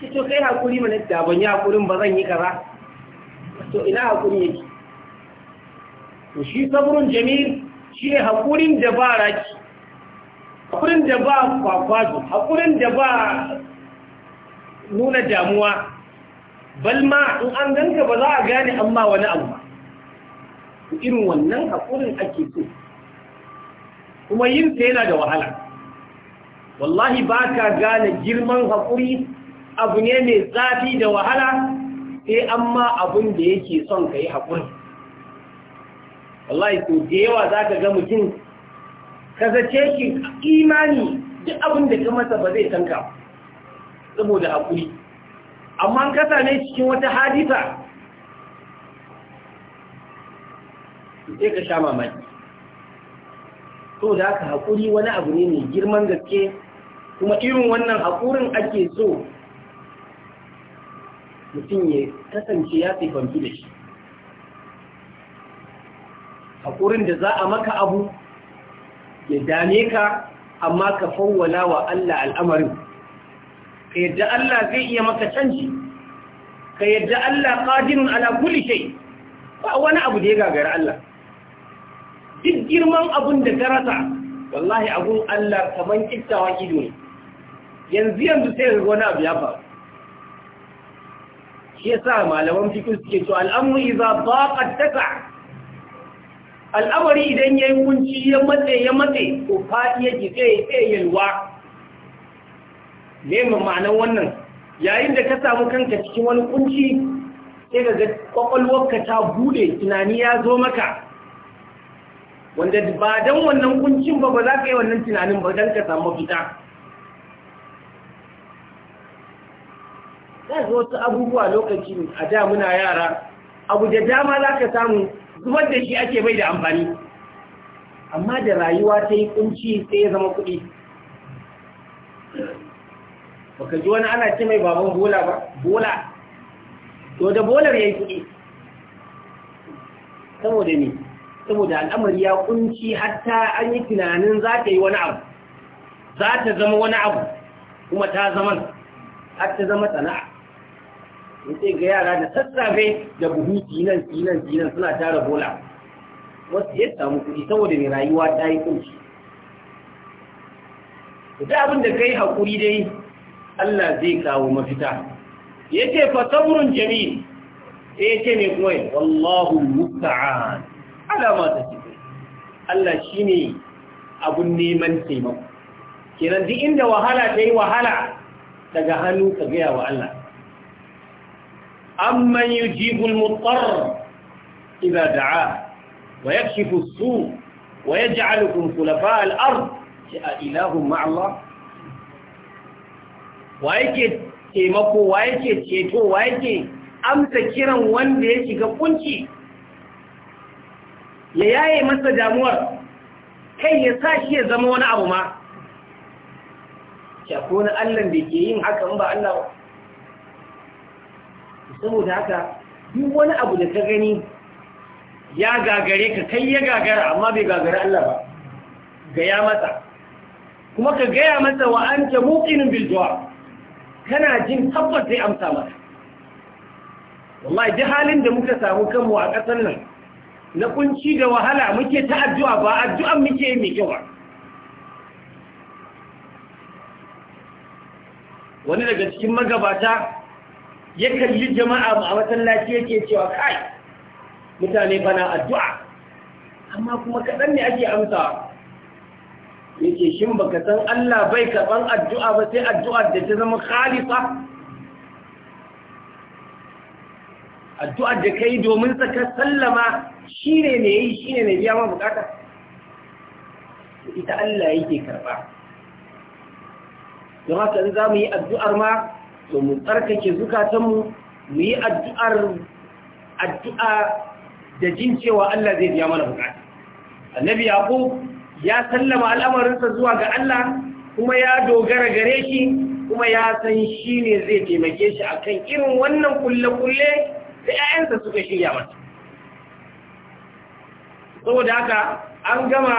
ki to kai haƙuri mana da ban yi haƙurin ba zan yi kaza to ina haƙuri yake to shi sabrun jamil shi ne haƙurin da ba raki haƙurin da ba kwakwazo haƙurin da ba nuna damuwa balma in an ganka ba za a gane amma wani abu ba irin wannan haƙurin ake so kuma yin ta yana da wahala wallahi ba ka gane girman haƙuri abu ne mai zafi da wahala sai amma abin da yake son ka yi haƙurin wallahi to da yawa za ka ga mutum zace ki imani duk abin da ka masa ba zai tanka saboda haƙuri amma ka same cikin wata hadisa sai ka sha mamaki to da ka haƙuri wani abu ne mai girman gaske kuma irin wannan haƙurin ake so mutum ya kasance ya sifantu da shi haƙurin da za a maka abu ya dame ka amma ka fawwala wa Allah al'amarin ka yadda Allah zai iya maka canji ka yadda Allah ƙadirun ala kulli shay ba wani abu da ya gagara Allah duk girman abun da rasa, wallahi abun Allah kaman kittawan ido ne yanzu yanzu sai ga wani abu ya faru shi yasa malaman fikin suke to al'amru idza baqat taka al'amari idan ya yi kunci ya matse ya matse ko faɗi ya ji zai luwa ne ma'anar wannan yayin da ka samu kanka cikin wani kunci sai ga kwakwalwarka ta bude tunani ya zo maka wanda ba don wannan kuncin ba ba za ka yi wannan tunanin ba don ka samu fita za su wasu abubuwa lokaci a da muna yara abu da dama za ka samu zubar da shi ake bai da amfani amma da rayuwa ta yi kunci sai ya zama kuɗi baka ji wani ana ce mai baban bola ba bola to da bolar ya yi kuɗi saboda ne saboda al'amari ya kunci hatta an yi tunanin za ta yi wani abu za ta zama wani abu kuma ta zama har ta zama sana'a sai ga yara da sassafe da buhu tinan tinan tinan suna tara bola wasu ya samu kuɗi saboda mai rayuwa ta yi kunci da abin da kai haƙuri dai Allah zai kawo mafita ya ce fa sabrun jami'i sai ya ce ne kuma wallahu musta'an ala ma ta kai. Allah shine abun neman taimako kenan duk inda wahala ta yi wahala daga hannu ka gaya wa Allah amman yujibu al-muttar idza da'a wa yakshifu as-su' wa yaj'alukum khulafa' al-ard a ilahun ma'allah wa yake taimako wa yake ceto wa yake amsa kiran wanda ya shiga kunci ya yaye masa damuwar kai ya sa shi ya zama wani abu ma shafo na allan da ke yin haka ba allah saboda haka duk wani abu da ka gani ya gagare ka kai ya gagara amma bai gagara Allah ba gaya mata kuma ka gaya masa wa an ke mukinin biljuwa kana jin tabbas zai amsa mata wallahi ji halin da muka samu kanmu a ƙasar nan na kunci da wahala muke ta addu'a ba addu'an muke yi mai kyau wani daga cikin magabata ya kalli jama'a a masallaci yake cewa kai mutane bana addu'a amma kuma kaɗan ne ake amsa yake shin baka san Allah bai karɓan addu'a ba sai addu'a da ta zama khalifa addu'a da kai domin saka sallama shine ne yayi shine ne biya ma bukata ita Allah yake karɓa don haka in za mu yi addu'ar ma to mu tsarkake zukatanmu mu yi addu'ar addu'a da jin cewa Allah zai biya mana bukata annabi yaqub ya sallama al'amarinsa zuwa ga Allah kuma ya dogara gare shi kuma ya san shi ne zai taimake shi akan irin wannan kulle-kulle da 'ya'yansa suka shirya mata saboda haka an gama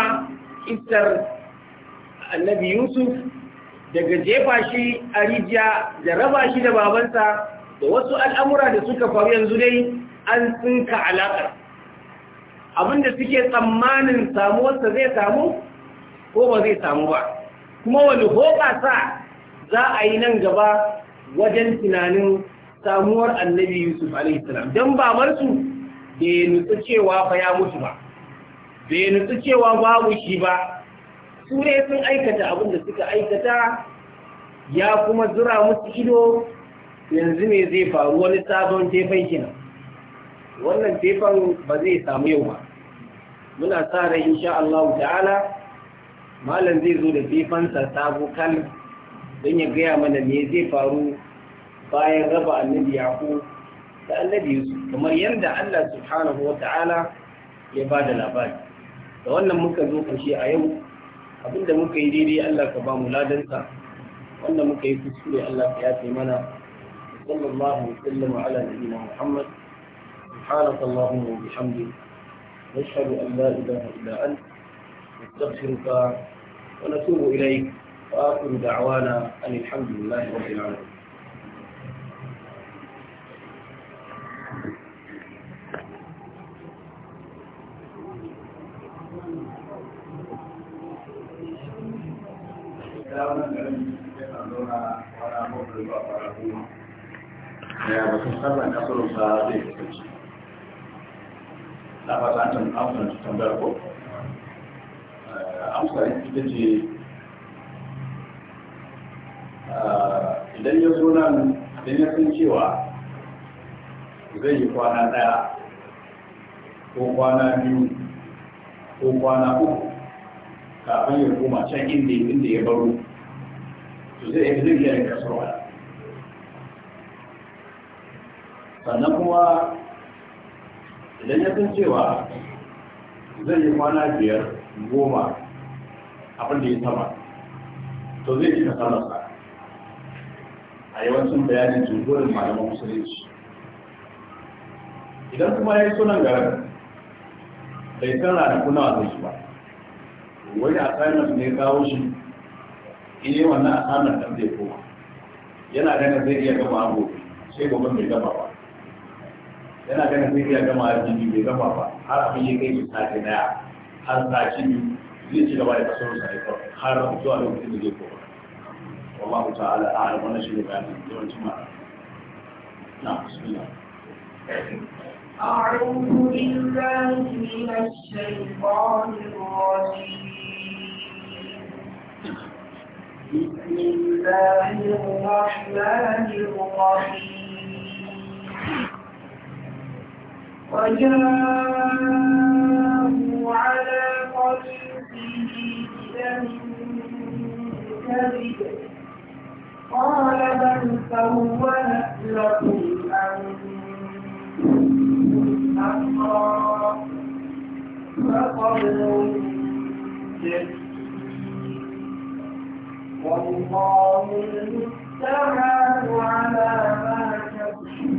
isar annabi yusuf daga jefa shi a rijiya da raba shi da babansa da wasu al'amura da suka faru yanzu dai an tsinka alaƙar abinda suke tsammanin samuwarsa zai samu ko ba zai samu ba kuma wani sa za a yi nan gaba wajen tunanin samuwar annabi yusuf alaihissalam don babarsu bai nutsu cewa fa ya mutu ba bai nutsu cewa babu shi ba su sun aikata abin da suka aikata ya kuma zura musu ido yanzu ne zai faru wani sabon tefan kenan wannan tefan ba zai samu yau ba muna sa rai insha Allah ta'ala malam zai zo da tefansa sabo kal don ya gaya mana me zai faru bayan raba annabi yaku da annabi yusuf kamar yadda Allah subhanahu wa ya ba da labari da wannan muka zo karshe a yau abinda muka yi daidai Allah ka ba mu ladansa wanda muka yi kuskure Allah ka yafe mana sallallahu alaihi wa sallam ala nabiyina Muhammad subhanaka allahumma wa bihamdika nashhadu an la ilaha illa anta نستغفرك ونتوب إليك وآخر دعوانا أن dawana لله رب العالمين musamman nasarar sa zai kasance na fata an amsa tambayar ko eh, amsa ita ce eh, idan ya zo nan idan ya san cewa zai yi kwana ɗaya ko kwana biyu ko kwana uku kafin ya koma can inda inda ya baro to zai iya zai iya kasarwa sannan kuma idan ya san cewa zai yi kwana biyar goma abin da ya sama to zai cika kasararsa a yawancin bayanin jirgin malaman musulunci idan kuma ya yi sunan garin bai san ranaku nawa zai yi ba wani assignment ne ya kawo shi in yi wannan assignment da zai koma yana ganin zai iya gama abu sai gobe bai gama ba yana ganin zai iya gama arziki bai gama ba har abin ya kai sati daya har sati zai ci gaba da kaso sa aikar har zuwa lokacin da zai koma wallahu ta'ala a'lam wannan shi ne bayanin yawancin ma na bismillah أعوذ بالله من الشيطان الرجيم بسم الله الرحمن الرحيم وجاءوا على قميصه بدم كذب قال بل سولت لكم أنفسكم أمرا فصبر جميل والله المستعان على ما تصفون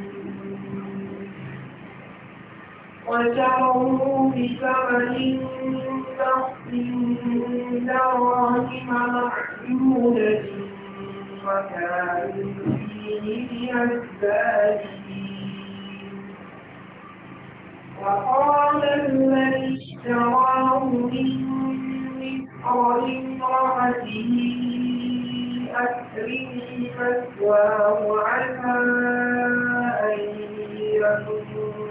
وشروه بثمن بخس دراهم محدودة وكانوا فيه من وقال الذي اشتراه من مصر امرأته أكرمي مثواه عسى أن يكون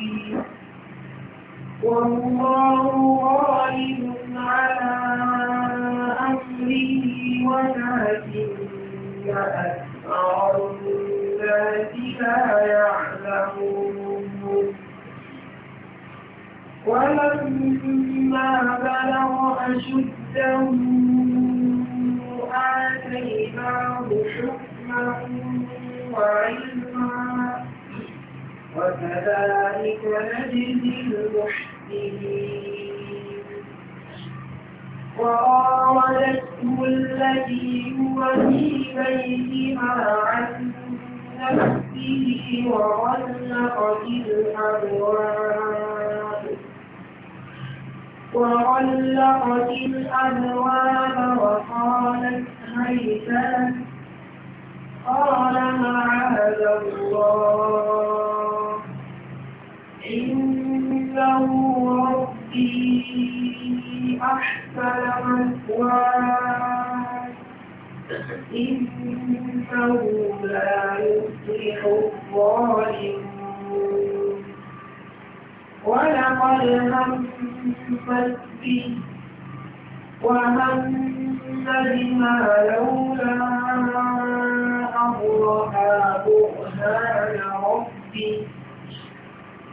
والله غالب على أمره ولكن أكثر الناس لا يعلمون ولما بلغ أشده آتيناه حكما وعلما وكذلك نجزي المحسنين وراودته الذي هو في بيتها عن نفسه وغلق الأبواب وغلقت الأبواب وقالت هيتلت قال معاذ الله إنه ربي أحسن مثواي إنه لا يفلح الظالمون ولقد همت به وهم بما لولا أن برهان ربي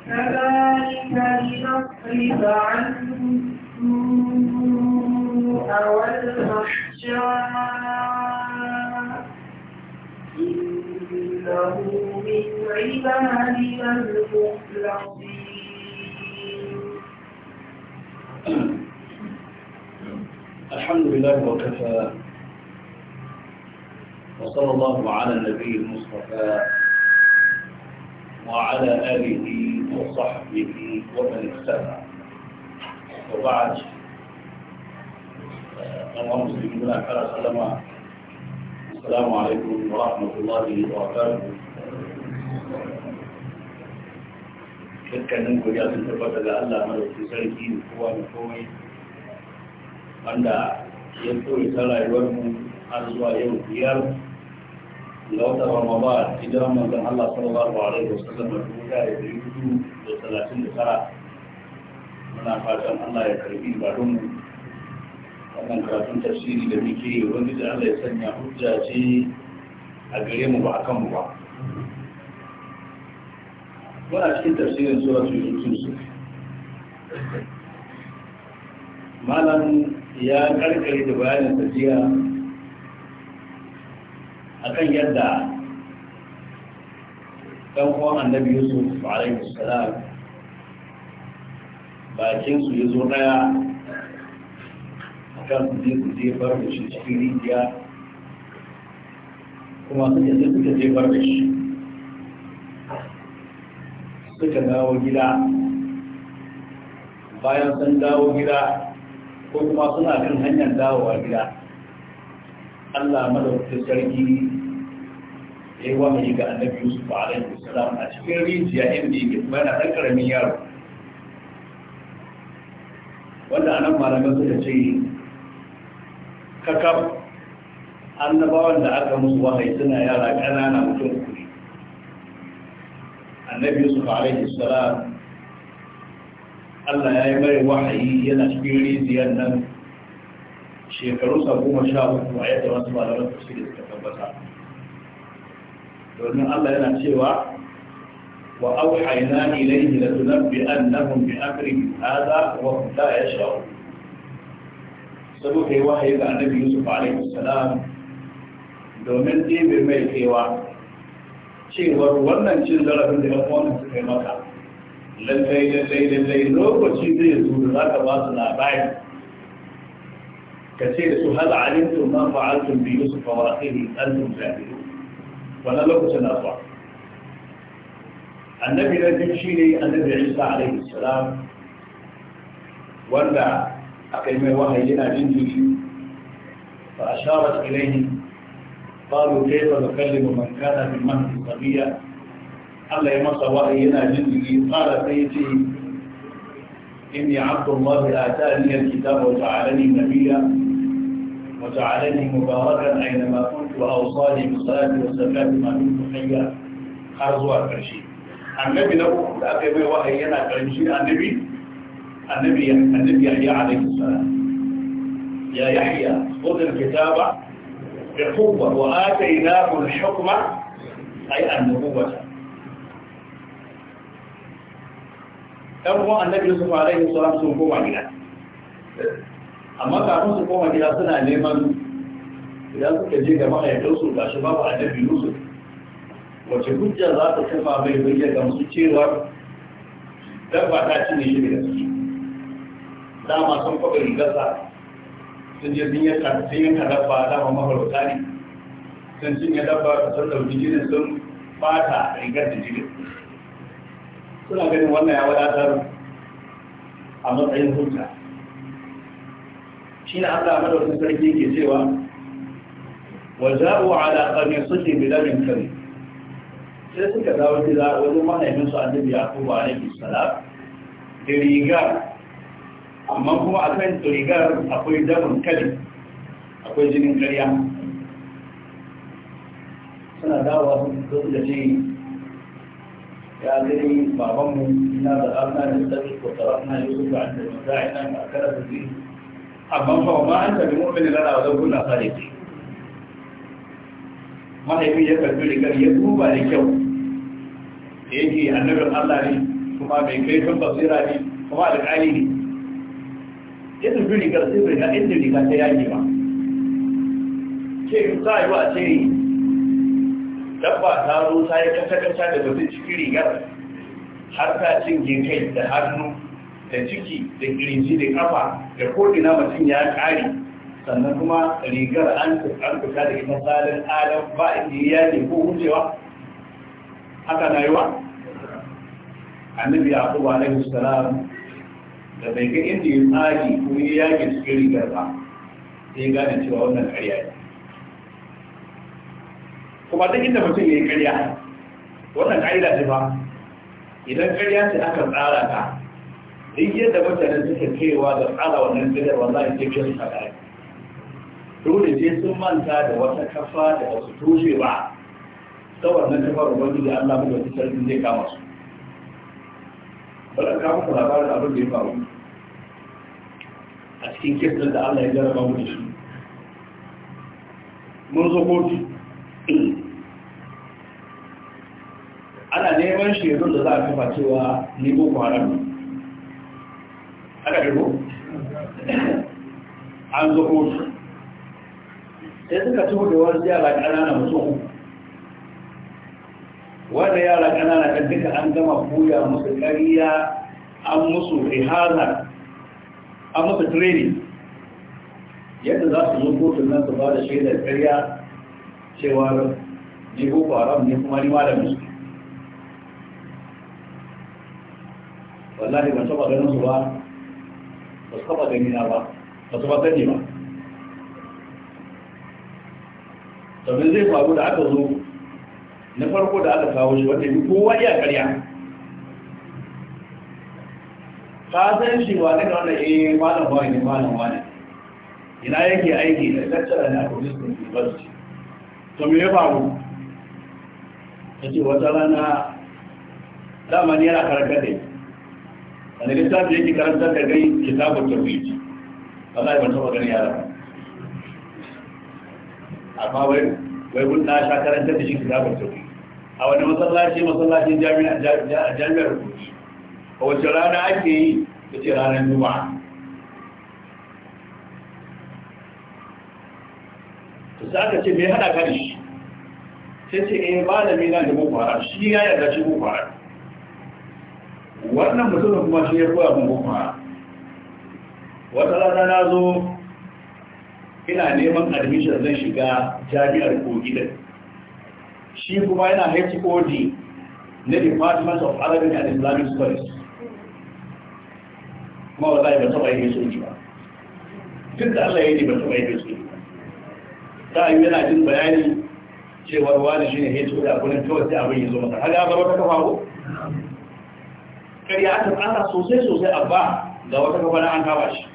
كذلك لنصرف عنه السوء والفحشاء إنه من عبادنا المخلصين الحمد لله وكفى وصلى الله على النبي المصطفى وعلى آله وصحبه ومن اتبع وبعد اللهم مسلمون على سلم السلام عليكم ورحمة الله وبركاته dukkanin godiya sun tabbata ga Allah madaukakin sarki da kowa da komai wanda ya koyi ta rayuwarmu har zuwa yau biyar ga wata ramadan hijiran manzon Allah sallallahu alaihi wasallam da dubu da biyu da talatin da tara muna fatan Allah ya karbi barin mu wannan karatun tafsiri da muke yi wani da Allah ya sanya hujja ce a gare mu ba a kan mu ba muna cikin tafsirin suratu yusuf malam ya karkare da bayanin tafiya akan yadda ɗan uwan annabi yusuf alaihi salam bakin su yazo daya akan su je su jefar da shi cikin rijiya kuma suka je suka jefar da shi suka dawo gida bayan sun dawo gida ko kuma suna kan hanyar dawowa gida Allah madaukakin sarki ya yi wahayi ga annabi yusuf alaihi salam a cikin rijiya inda yake bana ɗan ƙaramin yaro wanda anan malamai suka ce kakaf annabawan da aka musu wahayi suna yara ƙanana mutum kuri annabi yusuf alaihi salam Allah ya yi mai wahayi yana cikin rijiyar nan shekaru sa goma sha uku a yadda wasu malamai suka tabbata domin Allah yana cewa wa auhayna ilayhi la tunabbi annahum bi amrihim hadha wa hum la yash'urun saboda yi wahayi ga annabi Yusuf alaihi salam domin ɗebe mai kewa cewar wannan cin zarafin da yan uwan suka yi maka lallai lallai lallai lokaci zai zo da za ka ba su labari ka ce da su hal alimtum ma fa'altum bi yusuf wa akhihi antum jahilun wannan lokacin na zuwa annabi na biyu shi ne annabi isa alaihi salam wanda aka yi mai wahayi yana jin jiki fa asharat ilayhi qalu kayfa nukallimu man kana fil mahdi sabiya Allah ya masa wahayi yana jin jiki qala sai yace inni abdullah atani alkitaba wa ja'alani nabiyya wa ja'alani mubarakan aina ma وأوصالي بالصلاة والزكاة ما من تحيى أرزوها الفرشي النبي لو لأقي بي وحينا الفرشي النبي النبي النبي يحيى عليه السلام يا يحيى خذ الكتابة بقوة وآتيناه الحكمة أي النبوة أبو النبي صلى الله عليه وسلم سنقوم بها أما كانوا سنقوم بها سنة نيمان idan suka je ga su ga shi babu annabi yusuf wace hujja za ta kafa mai hujja ga musu cewa dabba ta cinye shi da su dama sun kwaɓa rigarsa sun je sun yanka sun yanka dabba dama mahalauta ne sun cinye dabba sun ɗauki jinin sun fata rigar da jinin suna ganin wannan ya wadatar a matsayin hujja shi na Allah madaukakin sarki ke cewa وجاءوا على قميصه بدم كريم sai suka dawo gida wajen mahaifinsu annabi yaqubu alaihi salam da riga amma kuma akan rigar akwai damin kari, akwai jinin ƙarya suna dawowa sun da ce ya gani babanmu ina da amna da tsari ko tsara na yi su ga da za a yi nan a kara da zai amma ba ma an tabi mu'minin rana wajen kuna sare ce mahaifin ya karbi rigar ya duba da kyau da yake annabin allah ne kuma mai kai kan basira ne kuma alƙali ne ya tafi rigar sai bai ga inda rigar ta yaki ba ce za a yi wa ce dabba ta zo ta yi kasa-kasa da batun cikin rigar har ta cinye kai da hannu da ciki da kirji da kafa da ko'ina mutum ya ƙari sannan kuma rigar an fita da ita tsarin adam ba iya ne ko hujewa haka na yi wa annabi ya abu alaihi salam da bai ga inda ya tsari ko ya yage cikin rigar ba sai ya gane cewa wannan karya ne kuma duk inda mutum ya yi karya wannan ƙa'ida ce ba idan karya ce aka tsara ka duk yadda mutane suka kaiwa da tsara wannan karya ya ke fiye su ka dole sai sun manta da wata kafa da su toshe ba ta na kafar wani da Allah mai wata sarkin zai kama su bala ka muku labarin abin da ya faru a cikin kirtar da Allah ya jarraba mu da shi mun zo kotu ana neman shedun da za a kafa cewa nemo boko haram aka dubo an zo kotu sai suka tuhu da wasu yara ƙanana musu wanda yara ƙanana kan duka an gama buya musu ƙariya an musu rihaza an musu training yadda za su zo kotun nan su ba da shaidar ƙariya cewa ne boko haram ne kuma ni malamin su wallahi ban taba ganin su ba ba su taba gani na ba ba su ba sani ba domin zai faru da aka zo na farko da aka kawo shi wanda yi kowa iya karya ka san shi wa ne wanda eh malam wani ne malam wani ina yake aiki da tattara na police university to me ya faru ta ce wata rana dama ne yana karanta da wani littafi yake karanta da gai kitabun a yi ya bata gani yara amma wai wai mun na sha karantar da shi kitabun tauhid a wani masallaci masallacin jami'a jami'ar kuɗi a wace rana ake yi ta ce ranar juma'a to sai aka ce me hada ka shi sai ce eh malami na da boko shi ya yarda shi boko wannan mutumin kuma shi ya koya mun boko wata rana na zo ina neman admission zan shiga jami'ar kogi da shi kuma yana hod na department of arabic and islamic studies kuma ba za a yi ba taɓa soji ba duk da allah ya yi ba taɓa yi soji ba ta yi yana jin bayani cewar wani shi ne hod a kullum kawai sai abin yanzu masa haga zama ta kafa ko karya aka tsara sosai sosai abba ga wata kafa na an kawashi shi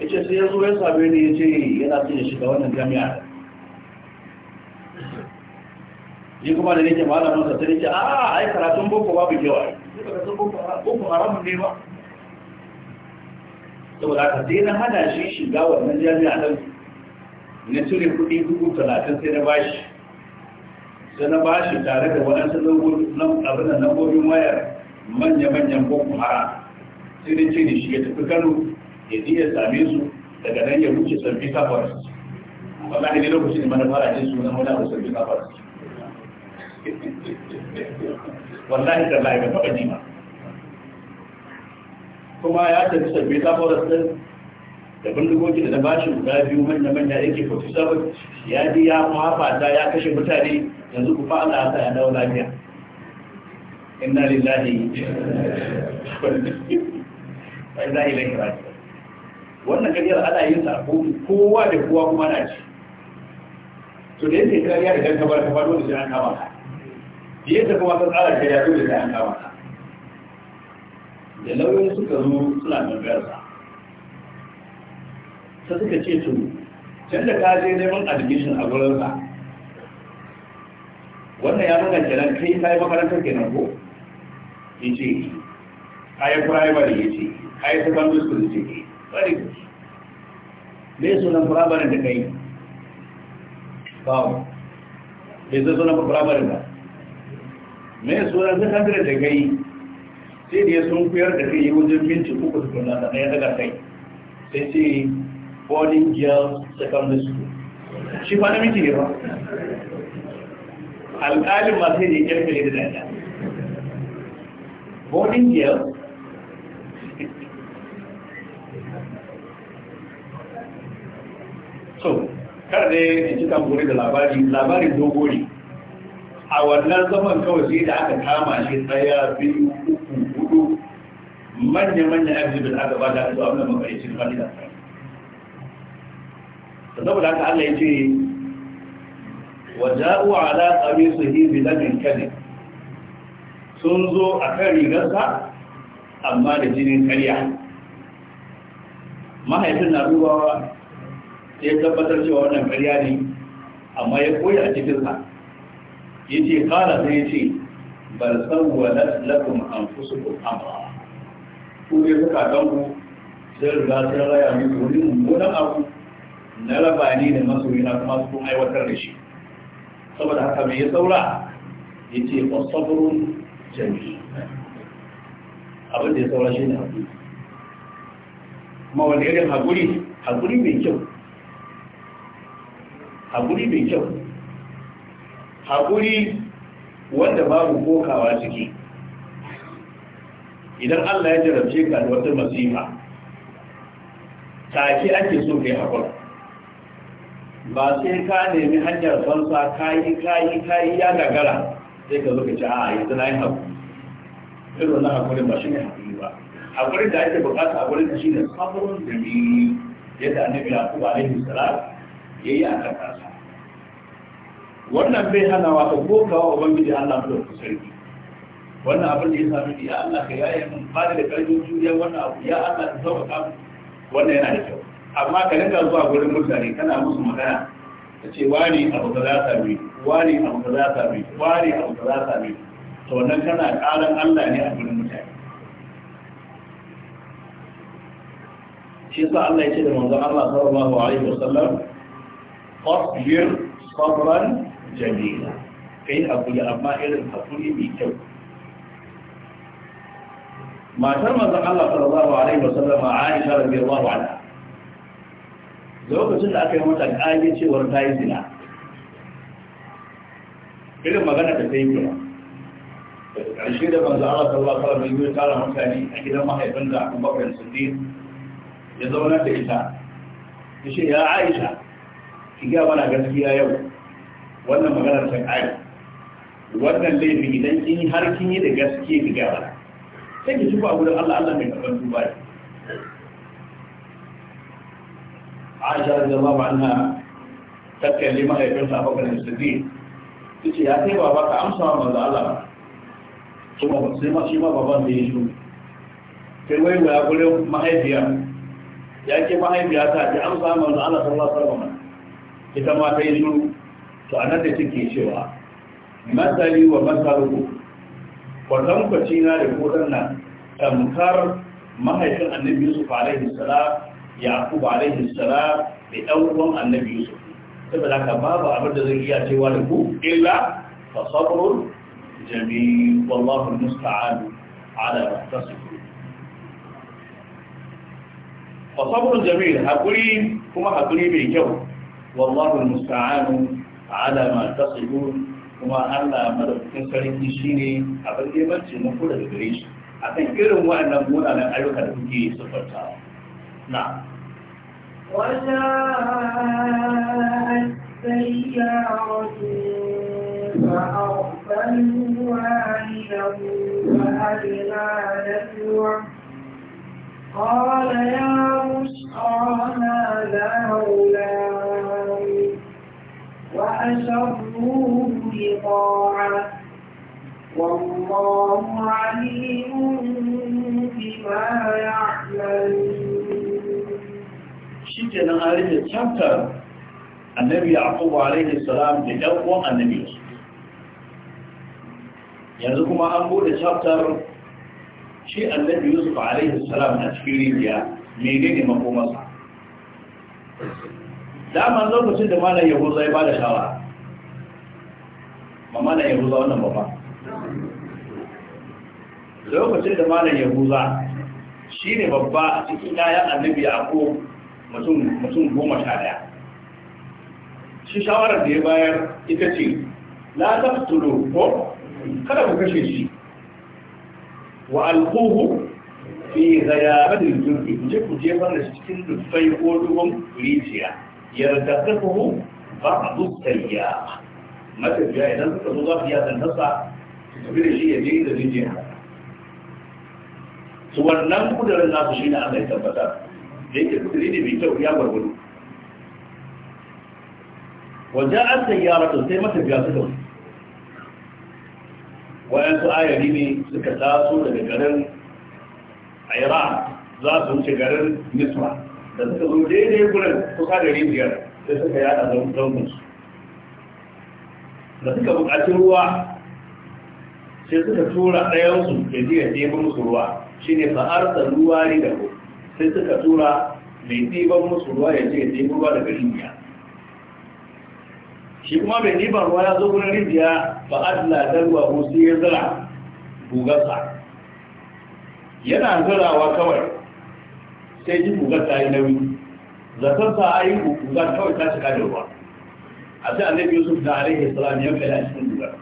ya ce sai ya zo ya same ni ya ce yana son shi shiga wannan jami'a yi kuma da nake malamin nan sai ce a ai karatun boko babu yawa boko haramun ne ba saboda ka daina hana shi shiga wannan jami'a nan na cire kudi dubu talatin sai na bashi sai na bashi tare da waɗansu abinan lambobin wayar manya-manyan boko haram sai na cire shi ya tafi kano ya je ya same su daga nan ya wuce sarfi kafar wallahi ne lokacin mana fara jin sunan wani abu sarfi kafar wallahi da lai ga taba jima kuma ya tafi sarfi kafar din da bindigogi da na bashi guda biyu manya manya yake kofi sabon ya ji ya fafata ya kashe mutane yanzu ku fa Allah ya sa ya dawo lafiya inna lillahi wa inna ilaihi raji'un wannan kariyar ana yin sa kowa da kowa kuma na ci to da yake kariya da kanka bar ka fado da shi an kama ka da yake kuma ta tsara kariya dole sai an kama ka da lauyoyi suka zo suna tambayar sa ta suka ce to can da ka je neman admission a gurin sa wannan ya nuna kenan kai ka yi makarantar kenan ko yace ka yi primary ce, ka yi secondary school ce ƙwarai me sunan firamare da kai Ba, bai zai sunan firamare ba me sunan sakandare da kai sai da ya sun kuyar da kai wajen minti uku tukuna da ɗaya daga kai sai ce boarding girls secondary school shi ba namiji ne ba alƙalin masu yi ne ƙarfe da dada boarding girls so kar ne in ci tambori da labari labari dogo ne a wannan zaman kawai sai da aka kama shi tsaya biyu uku hudu manya-manya exhibit aka ba da su abin da makaricin fadi da sai saboda haka Allah ya ce wa ja'u ala qamisihi bi damin kadhib sun zo a kan rigarsa amma da jinin karya mahaifin na rubawa sai tabbatar cewa wannan karya ne amma ya koya a cikinsa ya ce kala sai ya ce bal sawwalat lakum anfusukum amra ku ne suka ku sai riga sun raya miki wani mummunan abu na raba ni da masoyi na kuma sun aiwatar da shi saboda haka mai ya saura ya ce ba sabrun jami abin da ya saura shi ne haƙuri kuma wanda ya irin haƙuri haƙuri mai kyau haƙuri mai kyau haƙuri wanda babu kokawa ciki idan Allah ya jarabce ka da wata masifa take ake so kai haƙuri ba sai ka nemi hanyar fansa kayi kayi kayi ya gagara sai ka zo ka ce a yanzu na yi haƙuri irin wannan haƙuri, ba shi ne haƙuri ba haƙurin da ake buƙata haƙurin da shi ne sabon da yadda annabi ya kuwa alaihi salam ya yi a kan ƙasa wannan bai hana wa ka goka wa ubangiji allah mu da sarki wannan abin da ya sami ya allah ka yaye mun ba da ƙarfin juriya wannan abu ya allah ka sauƙaƙa ka wannan yana da kyau amma ka dinga zuwa gurin mutane kana musu magana Ka ce wani abu ka za ta bi wani abu ka za ta bi wani abu ka za ta bi to wannan kana ƙaran allah ne a gurin mutane shi sa Allah ya ce da manzon Allah sallallahu alaihi wasallam fasbir sabran jamila kai hakuri amma irin hakuri mai kyau matar manzon Allah sallallahu alaihi wasallam Aisha radiyallahu anha lokacin da aka yi mata kage cewar ta yi zina irin magana da ta yi kira daga ƙarshe da manzon Allah sallallahu alaihi wasallam ya tara mutane a gidan mahaifin da Abu Bakar Siddiq ya zauna da ita ya ya Aisha ki ga mana gaskiya yau wannan maganar ta ƙari wannan laifi, idan kin har kin yi da gaskiya ki ga mana sai ki tuba gurin Allah Allah mai karɓar duba ne Aisha radiyallahu anha ta kalli mahaifinsa a bakarin Siddiq tace ya kai baba ka amsa wa manzo Allah ba kuma ba sai ma shi ma baba da ya shi sai wai wa gure mahaifiya ya ke mahaifiya ta ji amsa wa manzo Allah sallallahu alaihi wasallam ita ma ta yi shuru to a nan da take cewa matsali wa matsaluku kwatankwaci na da kodan nan tamkar mahaifin annabi yusuf alaihi salam yaqub alaihi salam da ɗan uwan annabi yusuf saboda haka babu abin da zai iya cewa da ku illa fa sabrun jamil wallahu musta'an ala ma tasifun fa sabrun jamil hakuri kuma hakuri mai kyau والله المستعان على ما تصفون kuma Allah madaukakin sarki shine abin da ya bace muku daga gare shi akan irin waɗannan munanan ayyuka da kuke sufarta na وجاءت سيارة فأرسلوا والدهم فأدلى نسوه قال يا بشرى هذا غلام وأسروه بضاعة والله عليم بما شكرا عليه النبي يعقوب عليه السلام النبي yanzu kuma an bude chapter shi annabi yusuf alaihi salam a cikin rijiya mai gani makomarsa daman lokacin da malam yahuza ya ba da shawara ma na yahuza wannan babba lokacin da malam yahuza shi ne babba a cikin ɗayan annabi a ko mutum goma sha ɗaya shi shawarar da ya bayar ita ce la taqtulu ko kada ku kashe shi wa alquhu fi ghayabatil jurfi je ku jefar da cikin dufai ko dubon rijiya yartakatuhu ba'du mata matafiya idan suka zo za su yasan nasa su tafi da shi ya je da zai su wannan kudurin nasu shi ne Allah ya tabbata da yake kudiri ne mai kyau ya gwargwado wajen an yara sayyara sai mata matafiya suka Wayan su ayari ne suka taso daga garin a iran za su wuce garin misra da suka zo daidai gurin kusa da rijiyar sai suka yada zaunin su da suka buƙaci ruwa sai suka tura ɗayansu da ji ya ɗeba musu ruwa shi ne fa'arsa ruwa ne da ku sai suka tura mai ɗiban musu ruwa ya ji ya ɗeba ruwa daga rijiya shi kuma mai ɗiban ruwa ya zo wurin rijiya ba adla da ruwa ko sai ya zira gugarsa yana zirawa kawai sai ji kugar ta yi nauyi zaton sa a yi gugar kawai ta shiga da ruwa a sai annabi yusuf da alaihi salam ya kai a cikin kugar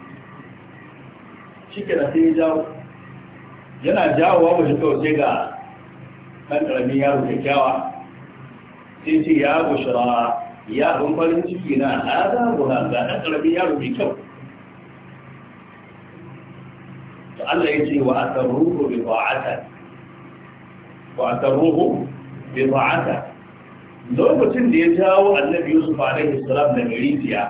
shi ke da sai ya jawo yana jawowa wajen kawai sai ga ɗan ƙaramin yaro kyakkyawa sai ce ya bushara abin farin ciki na hada guna ga ɗan ƙaramin yaro mai kyau to Allah ya ce wa asarruhu bi ba'atan wa bi ta'ata lokacin da ya jawo annabi yusuf alaihi salam daga rijiya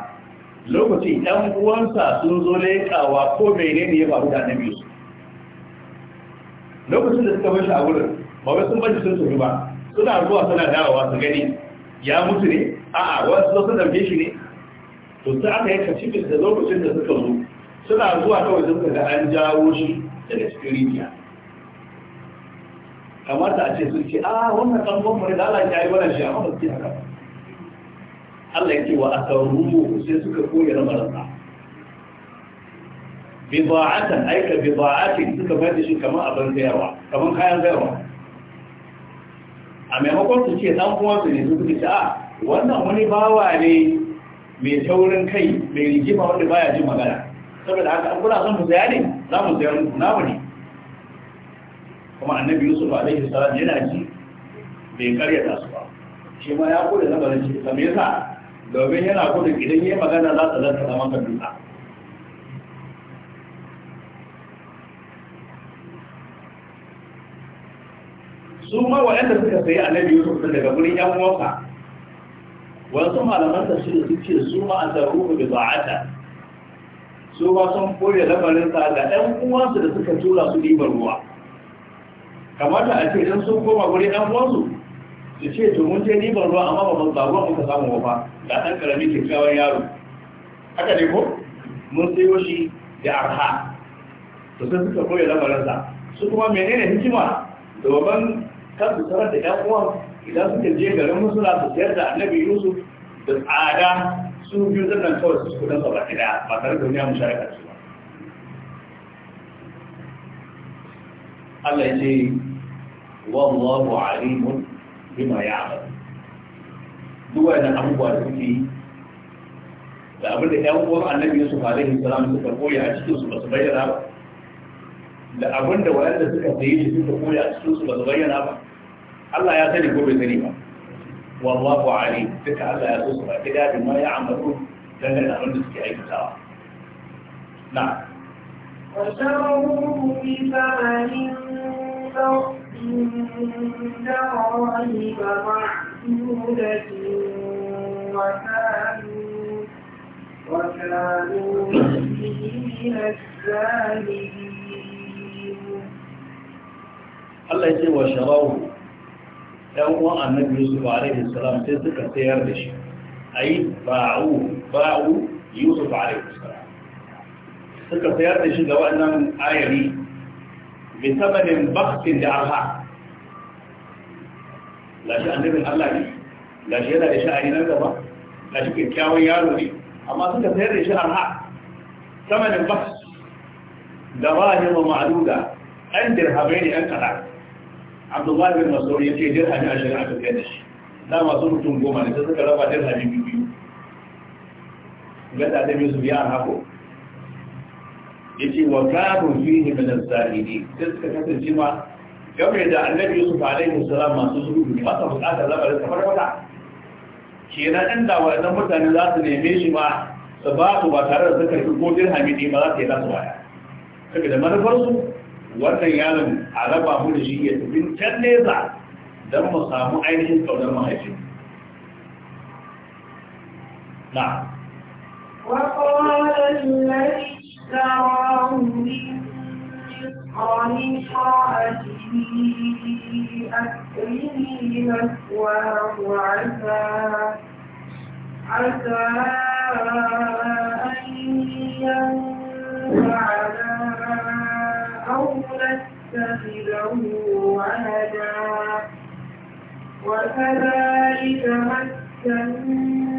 lokacin ɗan uwansa sun zo leƙawa ko menene ya faru da annabi yusuf lokacin da suka bashi a wurin ba wai sun bashi sun tafi ba suna zuwa suna dawowa su gani ya mutu ne a'a wasu sun dauke shi ne to sai aka yanka cikin da lokacin da suka zo suna zuwa kawai sun ga an jawo shi daga cikin rijiya kamata a ce sun ce a ah, wannan kalmar mu da Allah ya yi wannan shi amma ba su ce haka Allah ya ce wa asaruhu sai suka koyi lamarinsa bida'atan aika bida'atin suka bayar da shi kamar abin gayawa kamar kayan gayawa a maimakon su ce dan kuma su ne su suka ce a ah, wannan wani bawa ne mai taurin kai mai rigima wanda baya jin magana saboda haka an kula san mu saya ne za mu sayar muku namu ne kuma annabi yusuf alaihi salam yana ji bai ta su ba shi ma ya kula lamarin ta me yasa domin yana kula idan yi magana za ta zanta zama kan dutsa su ma waɗanda suka sayi annabi yusuf din daga gurin yan uwansa wasu malaman tafsir su ce su ma an taru da ba'ata su ma sun kore lamarin sa ga ɗan uwansu da suka tura su ɗiban ruwa kamata a ce idan sun koma wuri ɗan uwansu su ce to mun je riban ruwa amma ba mun zagon muka samu ba da ɗan ƙarami kyakkyawan yaro haka ne ko mun sayo shi da arha to sai suka koya lamarinsa su kuma menene hikima domin kan su tarar da ƴan uwan idan suka je garin musula su sayar da annabi yusuf da tsada su biyu zannan kawai su kudan sa ɗaya ba tare da wani mu ba Allah ya ce والله عليم بما يعمل انا أبو الوتي لابد أن أقول عن النبي يوسف عليه السلام تقول يا أشتوس بصبينا لابد وأن تكفيه تقول يا أشتوس بصبينا الله يعتني كل سليمة والله عليم تك على يسوس فكذا بما يعملون كان لهم نسك أي كتاب نعم وشروا في ثمن فوق إن رهيب معدودة وكانوا وكانوا به uwan annabi yusuf alaihi salam sai suka sayar da shi ayi ba'u ba'u yusuf alaihi salam suka sayar da shi ga wannan ayari bisamanin baktin da arha lashi annabin Allah ne lashi yana da sha'ani nan gaba lashi kyakkyawan yaro ne amma suka sayar da shi arha samanin bakt da ba ne ma ma'aduda ɗan dirhamai ne ɗan kaɗa abdullahi bin masauri ya ce dirhami a shari'a ta fiye da shi dama sun mutum goma ne ta suka raba dirhami biyu biyu gada ta biyu su biya arha ko yace wa fi fihi min az ne sai suka kasance ma game da annabi yusuf alaihi salam masu zuhudu ba ta bukatar lamarin kamar fata ɗan da waɗannan mutane za su neme shi ma su ba su ba tare da suka yi ko dirhami ne ba za su yi nasu waya saboda manufarsu wannan yaron a raba mu da shi ya tafi can nesa don mu samu ainihin kaunar mahaifin na وقال الذي تراهم عن طاعته أكرمي مثواه عسى عسى أن ينفعنا أو نتخذه ولدا وكذلك مكنا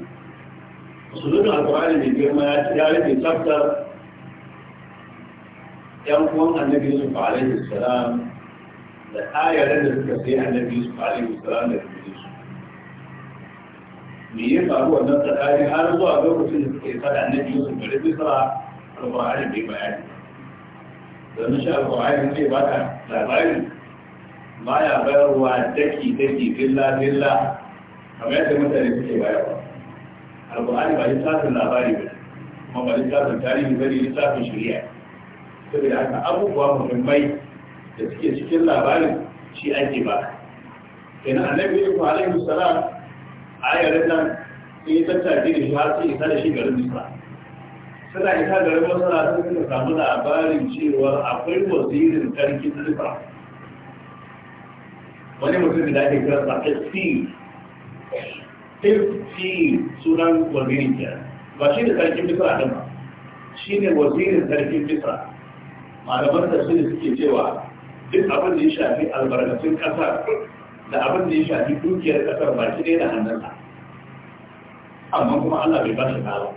سنون القرآن الكريم يا تعرف تفتر يوم النبي يوسف عليه السلام الآية لنا النبي يوسف عليه السلام لنبي يوسف هو أن الآية هذا هو أبوك النبي يوسف عليه السلام القرآن الكريم يا لما شاء القرآن الكريم بعد لغاية ما يبقى هو الدكي دكي بالله بالله كما يتمتلك في بايه alƙur'ani ba littafin labari ba kuma ba littafin tarihi ba ne littafin shari'a saboda haka abubuwa muhimmai da suke cikin labarin shi ake ba kenan annabi ya ku alaihi salam ayarin nan sun yi tattaki da shi har sun isa da shi garin misra suna isa garin masara sun suka samu labarin cewa akwai wazirin sarkin misra wani mutum da ake kira sa irfi sunan wazirin ba shi ne sarkin Fisa ɗin ba shi ne wazirin sarkin Fisa. malaman da su ne suke cewa duk abin da ya shafi albarkacin ƙasar da abin da ya shafi dukiyar ƙasar ba shi ne da hannunsa amma kuma allah bai ba shi ba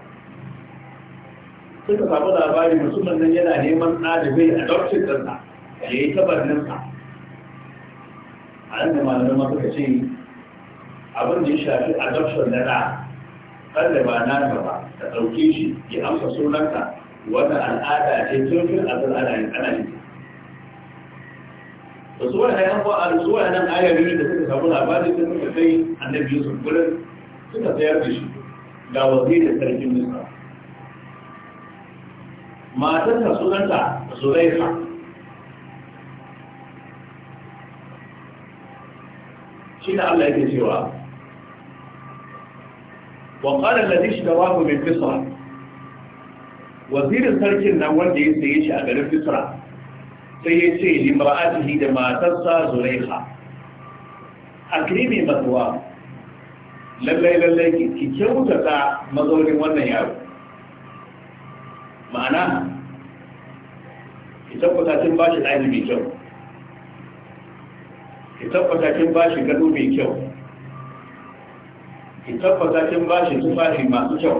suka samu labari musamman nan yana neman ɗalibai a ɗaukin ɗansa da ya yi tabarninsa a yadda malaman ma suka ce abin da ya shafi adoption na da kada ba na gaba ta ɗauke shi ya amsa sunanka wannan al'ada ce tun fil azal ana yin ana yin ta su wani ayan ba'a su wani nan yi da suka samu labarin da suka kai annabi Yusuf gurin suka sayar da shi ga wazirin sarkin Misra matarsa sunanta Zulaikha shi da Allah yake cewa وقال الذي اشتراه من مصر wazirin sarkin nan wanda ya saye shi a garin Misra sai ya ce limra'atihi da matarsa Zulaikha akrimi matwa lallai lallai ki kyautata mazaunin wannan yaro ma'ana ki tabbata kin bashi ɗani mai kyau ki tabbata kin bashi gado mai kyau tabbata kin bashi tufafi masu kyau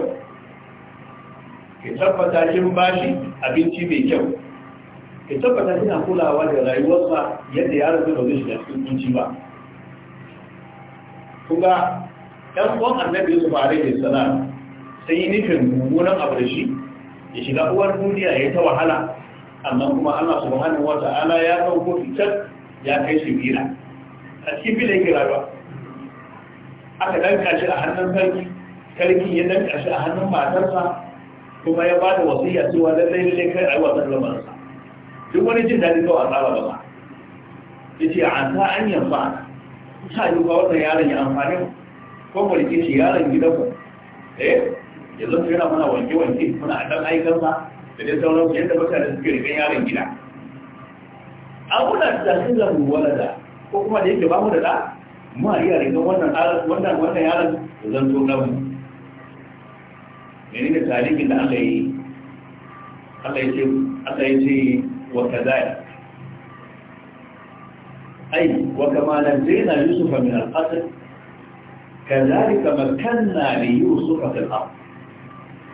ki tabbata kin bashi abinci mai kyau ki tabbata kina kulawa da rayuwarsa yadda ya rasu da zai shiga kunci ba kuma 'yan uwan annabi yusuf da salam sai yi nufin mummunan abu da shi ya shiga uwar duniya ya ta wahala amma kuma Allah subhanahu wata'ala ya dauko fitar ya kai shi bila a cikin bila yake ba aka danka shi a hannun sarki sarki ya danka shi a hannun matarsa kuma ya ba da wasiya cewa zai lallai kai a yi lamarinsa duk wani jin daɗi kawai a tsara gaba ya ce a ta an yi ba ta yi ba wannan yaron ya amfani ko mulki shi yaron gidanku eh ya ku yana mana wanke-wanke muna a ɗan sa da dai sauran su yadda mutane suke rikin yaron gida an da sun zamu wala da ko kuma da yake ba mu da da ma iya rikin wannan wannan wannan yaron da zan to na wani menene tarihin da Allah yi Allah ya ce Allah ya ce wa kadai ai wa kama najina yusuf min al-qatl kadhalika makanna li yusuf fil ard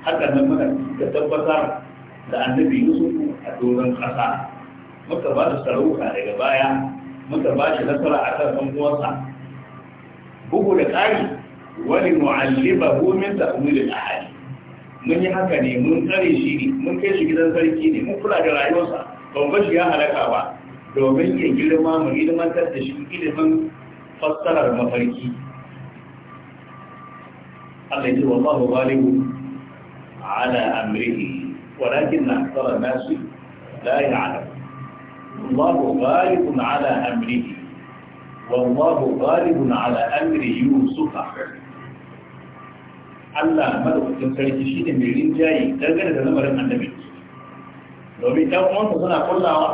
haka nan muka tabbatar da annabi yusuf a doron kasa muka ba da sarauka daga baya muka ba shi nasara akan ɗan uwansa bugu da ƙari wani mu'alliba ko min ta'wilil ahadi mun yi haka ne mun tsare shi ne mun kai shi gidan sarki ne mun kula da rayuwarsa ban bar shi ya halaka ba domin ya girma mu ilmantar da shi ilimin fassarar mafarki Allah ya ce wallahu ghalibu ala amrihi walakin akthara an-nas la ya'lamun الله غالب ala أمره wallahu ghalibun ala amri yusuf Allah madaukakin sarki shi ne mai rinjaye dangane da lamarin annabi domin ɗan uwansa suna kullawa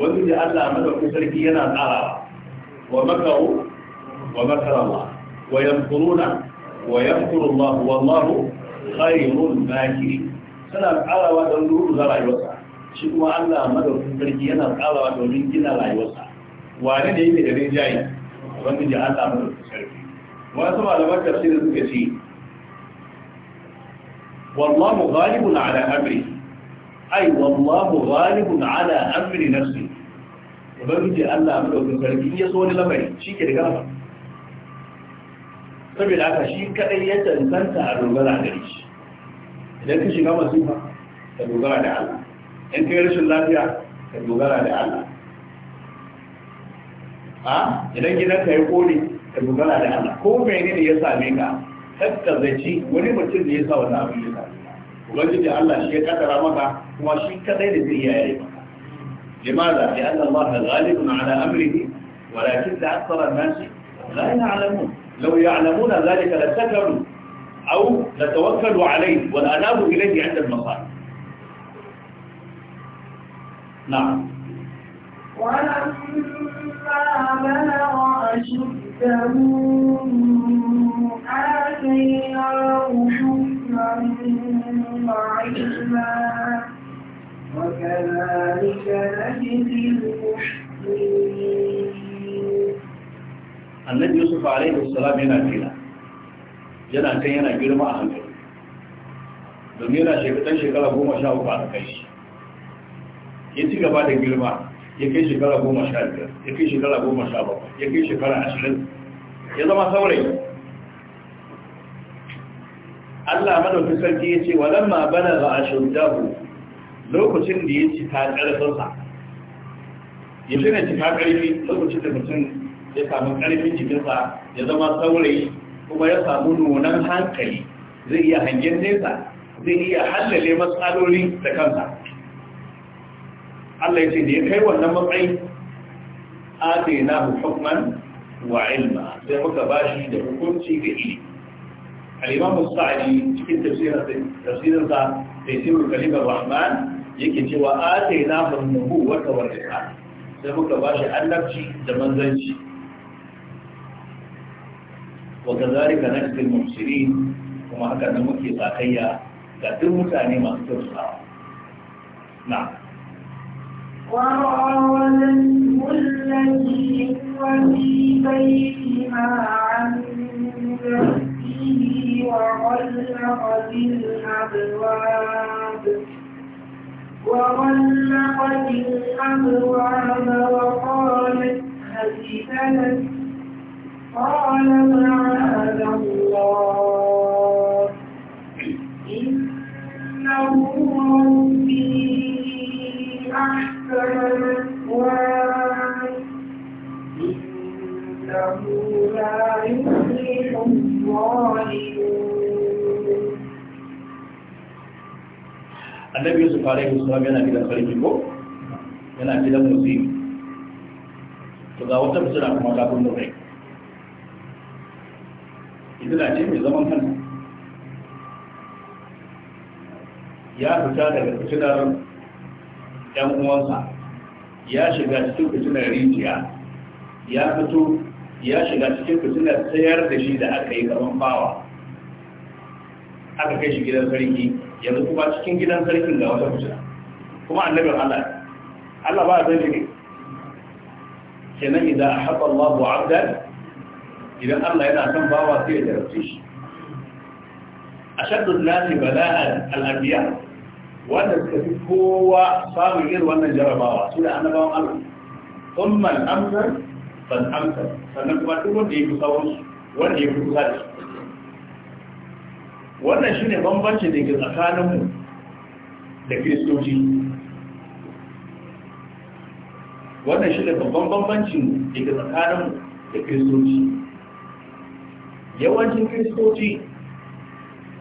wani da Allah madaukakin sarki yana tsarawa wa makaru wa makarallah wa yamkuruna wa yamkuru Allah wallahu khairul makirin suna tsarawa don ruru za rayuwarsa shi kuma Allah madaukakin sarki yana tsarawa domin gina rayuwarsa wane ne yake da rinjaye wanda ji an samu da sarki wasu malaman tafsir suka ce wallahu ghalibun ala amri ai wallahu ghalibun ala amri nafsi ubangiji Allah mu da sarki ya so wani lamari shi ke da gama. saboda haka shi kadai ya tantanta a dogara da shi idan ka shiga masifa ka dogara da Allah in kai rashin lafiya ka dogara da Allah a idan gidan ka ya kore ka dogara da Allah ko mene ne ya same ka kakka zaci wani mutum da ya sa wannan abin ya same ka ubangiji Allah shi ya kaddara maka kuma shi kadai da zai iya yayi maka limaza ya anna Allah ghalibun ala amrihi walakin la akthara an-nas la ya'lamun law ya'lamuna dhalika lasakaru aw latawakkalu alayhi wal anabu ilayhi 'inda al-masa'ib na'am ولما بلغ أشده آتيناه حكما وعلما وكذلك نجزي yana kan yana girma a hankali domin yana shekatan shekara goma sha uku a kai ya ci gaba da girma ya kai shekara goma sha biyar ya kai shekara goma sha bakwai ya kai shekara ashirin ya zama saurayi Allah madaukin sarki ya ce walamma balaga ashuddahu lokacin da ya ci ta ƙarfinsa ya fi na ci ta ƙarfi lokacin da mutum ya samu ƙarfin jikinsa ya zama saurayi kuma ya samu nunan hankali zai iya hangen nesa zai iya hallale matsaloli da kansa Allah ya ce da ya kai wannan matsayi atainahu hukman wa ilma sai muka bashi da hukunci ga ilimi al-imam as-sa'di cikin tafsirin tafsirin sa tafsirul kalim ar-rahman yake cewa atainahu an-nubuwwata wa risala sai muka bashi annabci da manzanci wa kadhalika najzil muhsinin kuma haka ne muke sakayya ga duk mutane masu kyautatawa na'am وراودته التي هو في بيتها عن نفسه وغلقت الأبواب وغلقت الأبواب وقالت هزلت قال معاذ الله إنه annabi yusuf alaihi salam yana gidan sarki ko yana gidan musulmi to ga wata bisira kuma ta kun rai na ce mai zaman kan ya fita daga fitilar ɗan uwansa ya shiga cikin fitilar rijiya ya fito ya shiga cikin fitilar tsayar da shi da aka yi zaman bawa aka kai shi gidan sarki yanzu kuma cikin gidan sarkin ga wata hujja kuma annabin Allah Allah ba zai ne kenan idan ahabba Allah wa abdan idan Allah yana son bawa sai ya jarabce shi ashaddu nasi bala'an al-anbiya wanda suka fi kowa samun yin wannan jarabawa su da annabawan Allah thumma al-amsar fal amsar sannan kuma duk wanda ya kusa sawon wanda ya fi kusa da shi wannan shine bambanci da ke tsakaninmu da kristoci wannan ne babban bambancin da ke tsakaninmu da kristoci yawancin kristoci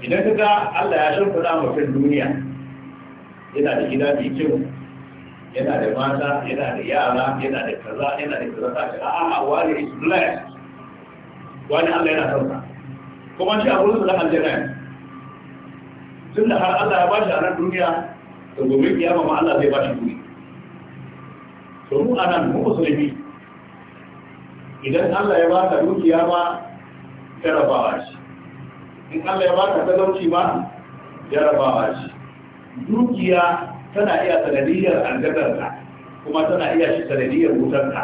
idan ka ga Allah ya shimfiɗa mutum duniya yana da gida mai kyau yana da mata yana da yara yana da kaza yana da kaza ta ce a'a wani is blessed wani Allah yana sauka kuma shi abu su da aljanna tun da har Allah ya ba shi a nan duniya da gobe kiyama ma Allah zai ba shi duniya to mu anan mu musulmi idan Allah ya ba ka dukiya ma jarabawa shi in Allah ya ba ka talauci ma jarabawa shi dukiya tana iya sanadiyar aljadarka kuma tana iya shi sanadiyar wutarka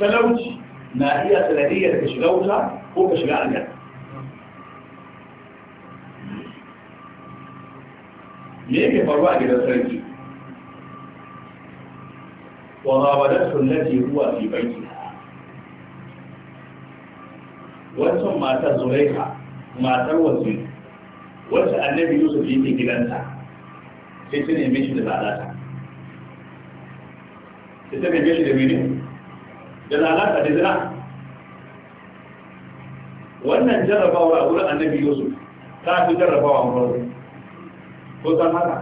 talauci na iya sanadiyar ka shiga wuta ko ka shiga aljanna me yake faruwa a gidan sarki wa rawadatu allati huwa fi baiti wannan matar Zuraika, matar wasu wacce annabi yusuf yake gidanta sai ta neme shi da lalata sai ta neme shi da mene da lalata da zina wannan jarrabawar a wurin annabi yusuf ta fi jarrabawa wurin ko ta haka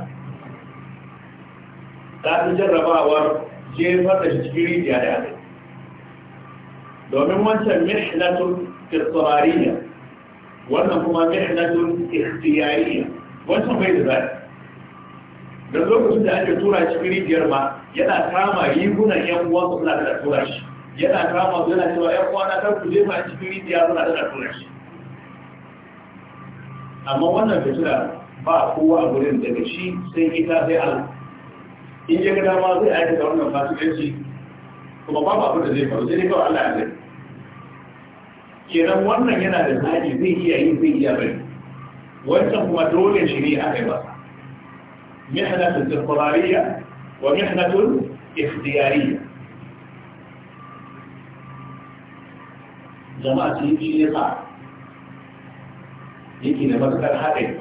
ta fi jarrabawar jefar da cikin rijiya da yare domin wancan mihnatun kirtsarariya wannan kuma mihnatun ikhtiyariya wancan bai da zai da lokacin da ake tura cikin rijiyar ma yana kama rigunan yan su suna da tura shi yana kama su yana cewa yan uwana kar ku jefa cikin rijiya suna da tura shi amma wannan fitina ba kowa a gurin daga shi sai ita sai Allah in ya ga dama zai aikata wannan fasikanci kuma babu abin da zai faru sai dai kawai Allah ya zai kenan wannan yana da zaki zai iya yi zai iya bari wancan kuma dole ne ne aka yi ba mihnatul istiqrariyya wa mihnatul ikhtiyariyya jama'a ce shi ne ka yake da matukar haɗari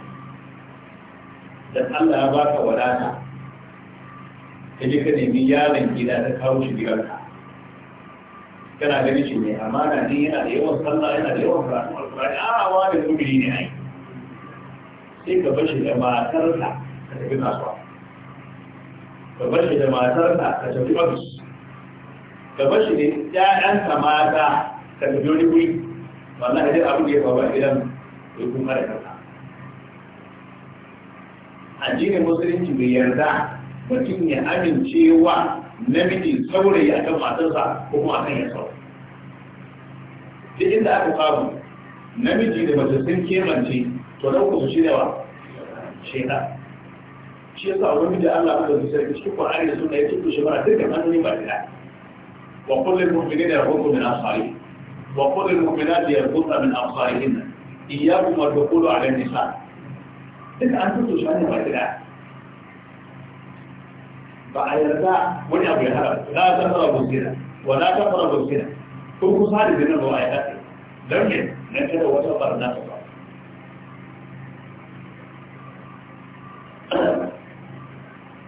dan Allah ya baka wadata ka je ka nemi yaron gida ta kawo shi ka. kana gani shi ne na ne yana da yawan sallah yana da yawan karatu alkurani a awa da mugiri ne ai sai ka bar shi da matarsa ka tafi kasuwa ka bar shi da matarsa ka tafi ofis ka bar shi da ƴaƴanka mata ka tafi wani wuri wannan hadin abin da ya faru a gidan ya kuma da kanka addinin musulunci bai yarda mutum ya amincewa namiji saurayi akan matarsa ko kuma akan ya sau duk inda aka samu namiji da mace sun kemance to da kuma su da wa? sheda shi yasa wani da Allah ya rubuta shi cikin Qur'ani da sunna ya tuku shi mara dukkan hannun ba da wa kullu lil mu'minina yarghuddu min absarihim wa kullu lil mu'minati yarghudna min absarihinna iyyakum wa dukhulu 'ala nisa duka an fito shi ne ba gida ba a yarda wani abu ya haram la ta fara gusira wa za la ta fara gusira ko kusa da zina ba a yarda don ne na kada wata na ta ba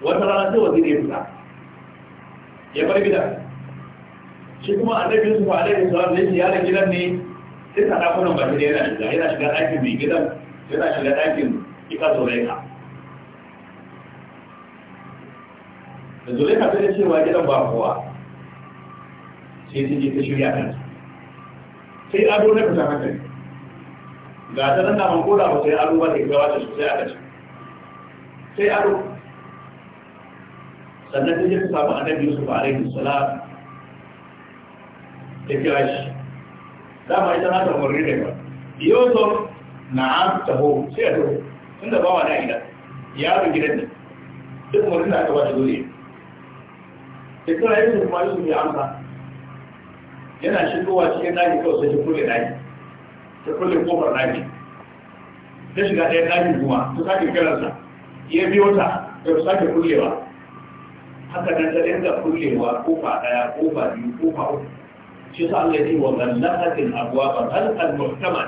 wata rana ta sai ne ya fita ya bar gida shi kuma annabi Yusuf alaihi salam ne ya da gidan ne sai ta dakunan ba gida yana shiga yana shiga ɗakin mai gidan yana shiga ɗakin ika zulaika da zulaika sai da cewa gidan ba kowa sai ta je ta shirya kanta sai ado na fita hankali ga ta nan naman koda ba sai ado ba da gawa da sosai a kaci sai ado sannan ta je ta samu annabi yusuf alaihi salam ta kira shi dama ita na ta murni da yawa na na'am taho sai a taho tun ba wani na gida Yaro gidan ne duk mutum da aka ba shi dole da kuma yin su kuma yusuf ya amsa yana shigowa cikin daji kawai sai shi kulle daji ta kulle kofar daji ta shiga ɗaya dajin kuma ta sake kiransa ya biyo ta ta sake kullewa haka nan ta dinga kullewa kofa ɗaya kofa biyu kofa uku shi sa Allah ya ce wa zallahatil abwa ba halqal muhtamal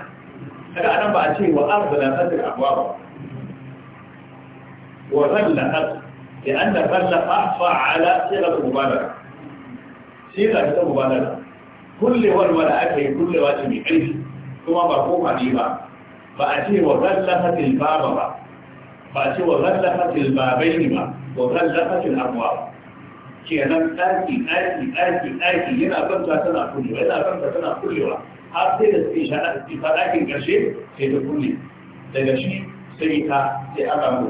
kada anan ba a ce wa arzalahatil abwa ba ورلقت لأن الرلق أعفى على صيغة المبالغة صيغة المبالغة كل والولا أكي كل واجب عيش ثم بقوم عليها فأتي وغلقت الباب با فأتي وغلقت البابين با وغلقت الأبواب kenan ɗaki ɗaki ɗaki ɗaki yana banta tana kullewa yana banta tana kullewa har sai da suke sha ɗaki ɗakin ƙarshe sai da kulle daga shi sai ta sai ana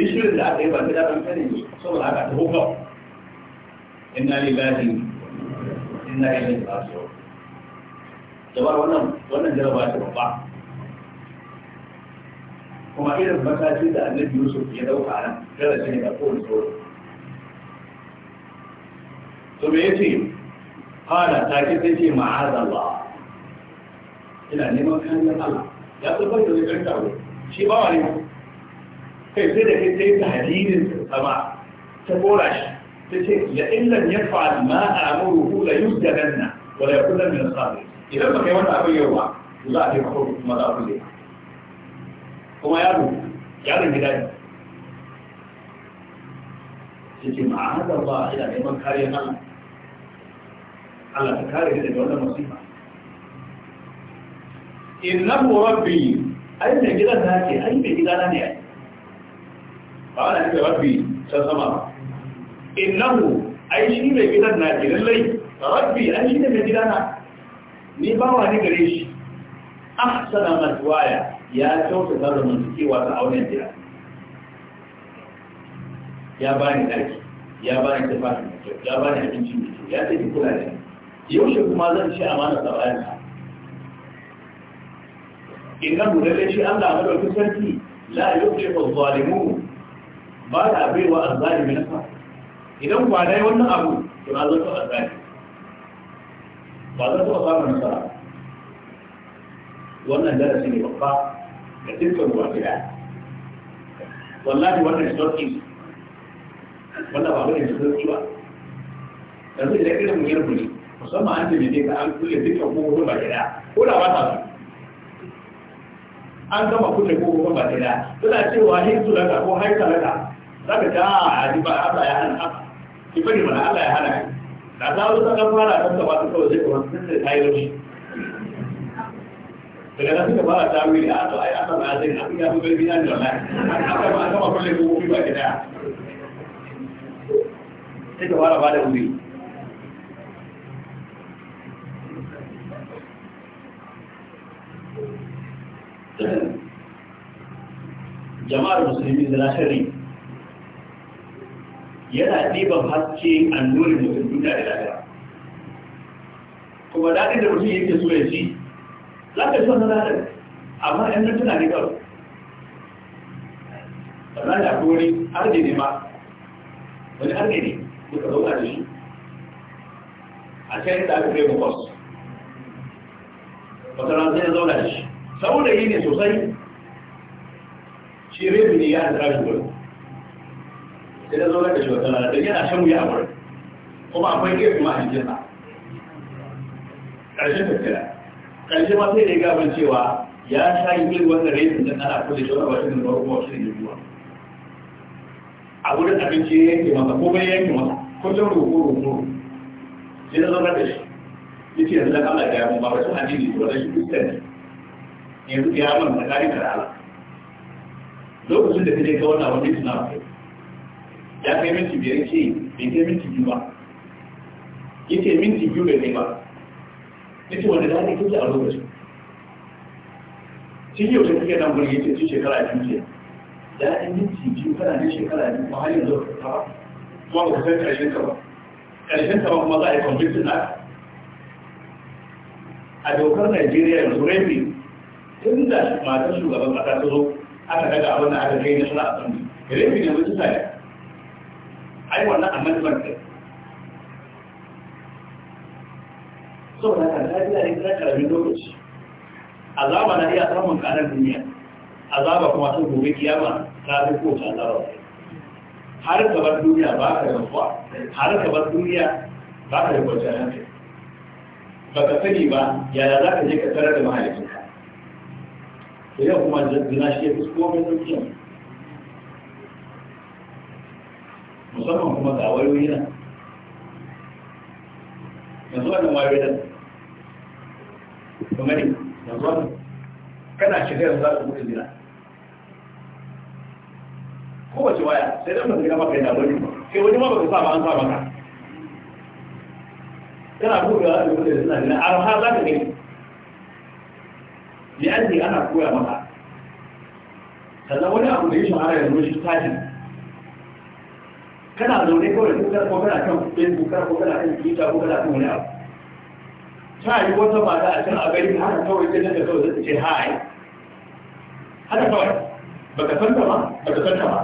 dishirin da aka yi ba gida ban kare ne saboda haka ta hukau inna lillahi inna ilaihi raji'un jabar wannan wannan jaraba ce babba kuma irin mataki da annabi yusuf ya dauka a nan shi ne da kowane tsoro to me yace qala ta ce sai ce ma'azallah ina neman kallon Allah ya tabbata da kanta shi ba wani فيبتدى كده تفتح لئن لم يفعل ما امره ليسجدن ولا يكون من الصابرين اذا ما كان ابو يوا لا في مخوف اقول لك وما يعني بداية تجي الله الى ان يمن كاري انا على فكاري اذا جوانا مصيبة انه ربي اين بجدا ذاكي اين بجدا ba ana rabbi can sama innahu ai shi mai gidan na ke lallai rabbi an shi ne mai gidana ni bawa ni gare shi ahsana matwaya ya kyautata zamantakewa ta auren gida ya bani daki ya bani ni mai ya ya bani abinci mai kyau ya tafi kula da yaushe kuma zan ci amana da bayan sa inna mu da shi Allah madaukakin sarki la yuqimu zalimun ba da baiwa azzalimi nasa idan ba dai wannan abu to na zato azzalimi ba za ta samu nasara wannan darasi ne babba ga dukkan ruwa gida wallahi wannan sauki wannan ba bane sauki ba yanzu idan irin mu yarku ne musamman an jami'a ka an kulle dukkan kogo ba gida ko da ba ta su an gama kulle kogo ba gida suna cewa hin su daga ko haika daga za ta a ah, ba Allah ya hana ki bari mana Allah ya hana da ta zo ta fara ta ta wata kawai sai kuma sun sai tayi roshi daga nan suka fara ta wuri a ah, to ai Allah ba zai abin ya fi gari na da Allah aka ba aka ba kullum ko kuma ba da sai ta fara ba da wuri jama'ar musulmi da na shari'a yana ɗiban haske a nuna mutum duniya da lafiya kuma daɗin da mutum yake so ya ci za ka son na daɗin amma ɗan nan tana ba kawai sannan da kori arde ne ma wani arde ne muka zauna da shi a can yadda aka kai mu kwas wata ran sai ya zauna da shi saboda yi ne sosai shi rebi ne ya da shi gwani da na zo na kashe wata lalata yana shan wuya a wurin kuma akwai iya kuma a jikin ƙarshen tattara ƙarshe ma sai da ya gaban cewa ya sha yi wannan resin da ana kulle shi wani wasu da ruwa wasu da yiwuwa a wurin abinci ya yanke masa ko bai yanke masa kullum roƙo roƙo sai na zo na kashe yake yanzu da kama da ya mun ba wasu hadini ko da shi dukkan ne yanzu ya mun da kare ala? lokacin da kaje ga wannan wani suna kai ya kai minti biyar ke bai kai minti biyu ba ya ce minti biyu bai kai ba ya ce wanda daɗi kuke a lokacin shi yau ta kuke nan gurin ya ce shekara biyu ce yi minti biyu kana ne shekara biyu kuma har yanzu ta ba kuma ba ka san ƙarshen ka ba ƙarshen ka ba kuma za a yi kwamfitin na a dokar najeriya yanzu rafi tun da masu shugaban ƙasa ta zo aka daga abin da aka kai na sana'a rafi ne mutu sa ya ai wannan amendment ne so na kan lafiya ne kana karamin lokaci azaba na iya samun kanar duniya azaba kuma sun gobe kiyama ta fi ko ta azaba har ka bar duniya ba ka yi kwa har ka bar duniya ba ka yi kwanciyar hankali ba ka sani ba yaya za ka je ka tarar da mahaifinka to yau kuma zina shi ya fi komai sauki musamman kuma ga wayoyi nan yanzu wannan wayoyi nan kuma ne yanzu wannan kana shiga yanzu za su mutu zina kowace waya sai dan mutu gina maka yana wani ke wani ma baka sa ba an sa maka kana buɗewa da wani da zina zina a har za ka gani li'anni ana koya maka sannan wani abu da yi shahara yanzu shi tajin kana zaune kawai duk da kana kan facebook kana kana kan twitter ko kana kan wani abu ta yi wata mata a can a gari haka kawai nan da kawai zai ce hi haka kawai baka san ta ba baka san ta ba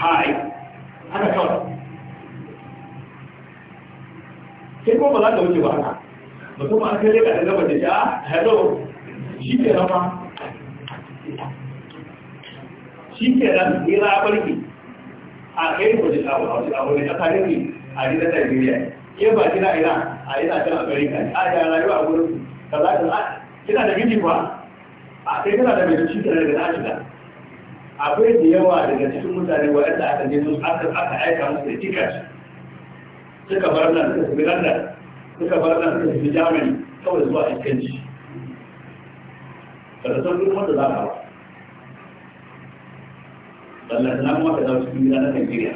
hi haka kawai sai kuma ba za ka wuce ba haka kuma an kai leka da gaba da ja hello shi ke rama shi ke ran ira barki a kai wajen a wani ƙasa ne ne a gidan Najeriya ke ba kina ina a ina can Amerika a ya rayuwa a gurin ka za ka kina da miji ba a kai kana da mai cikin da na shiga akwai da yawa daga cikin mutane waɗanda aka je sun aka aka aika musu da tikas suka bar nan suka tafi London suka bar nan suka tafi Germany kawai zuwa iskanci. Kada san duk wanda za ka ba. sannan na kuma ka dawo cikin gida na Najeriya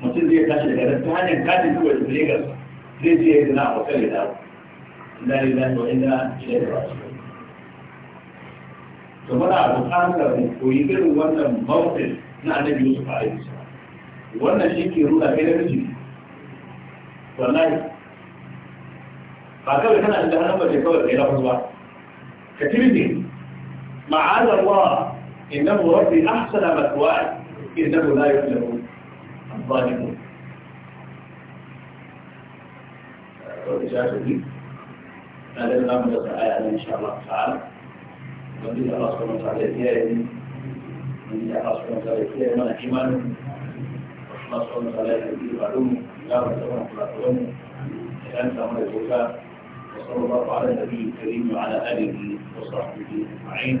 mutum zai tashi daga nan ta hanyar katin zuwa da Lagos zai je ya gina a hotel ya dawo inda ne zai zo inda shi da ba to muna buƙatar mu koyi irin wannan mawqif na Annabi Yusuf alaihi salam wannan shi ke nuna kai da miji wallahi ba kawai kana da hannun bace kawai kai lafa ba ka tirje ma'azallah إنه ربي أحسن مثواي إنه لا يفلح الظالمون وإجازتي هذا الأمر الآية إن شاء الله تعالى وإن الله سبحانه وتعالى يهدي إن الله سبحانه وتعالى يهدي من إيمان الله سبحانه وتعالى يهدي وعلوم لا وتبارك وتعالى أنت أمر الزكاة وصلى الله على النبي الكريم وعلى آله وصحبه أجمعين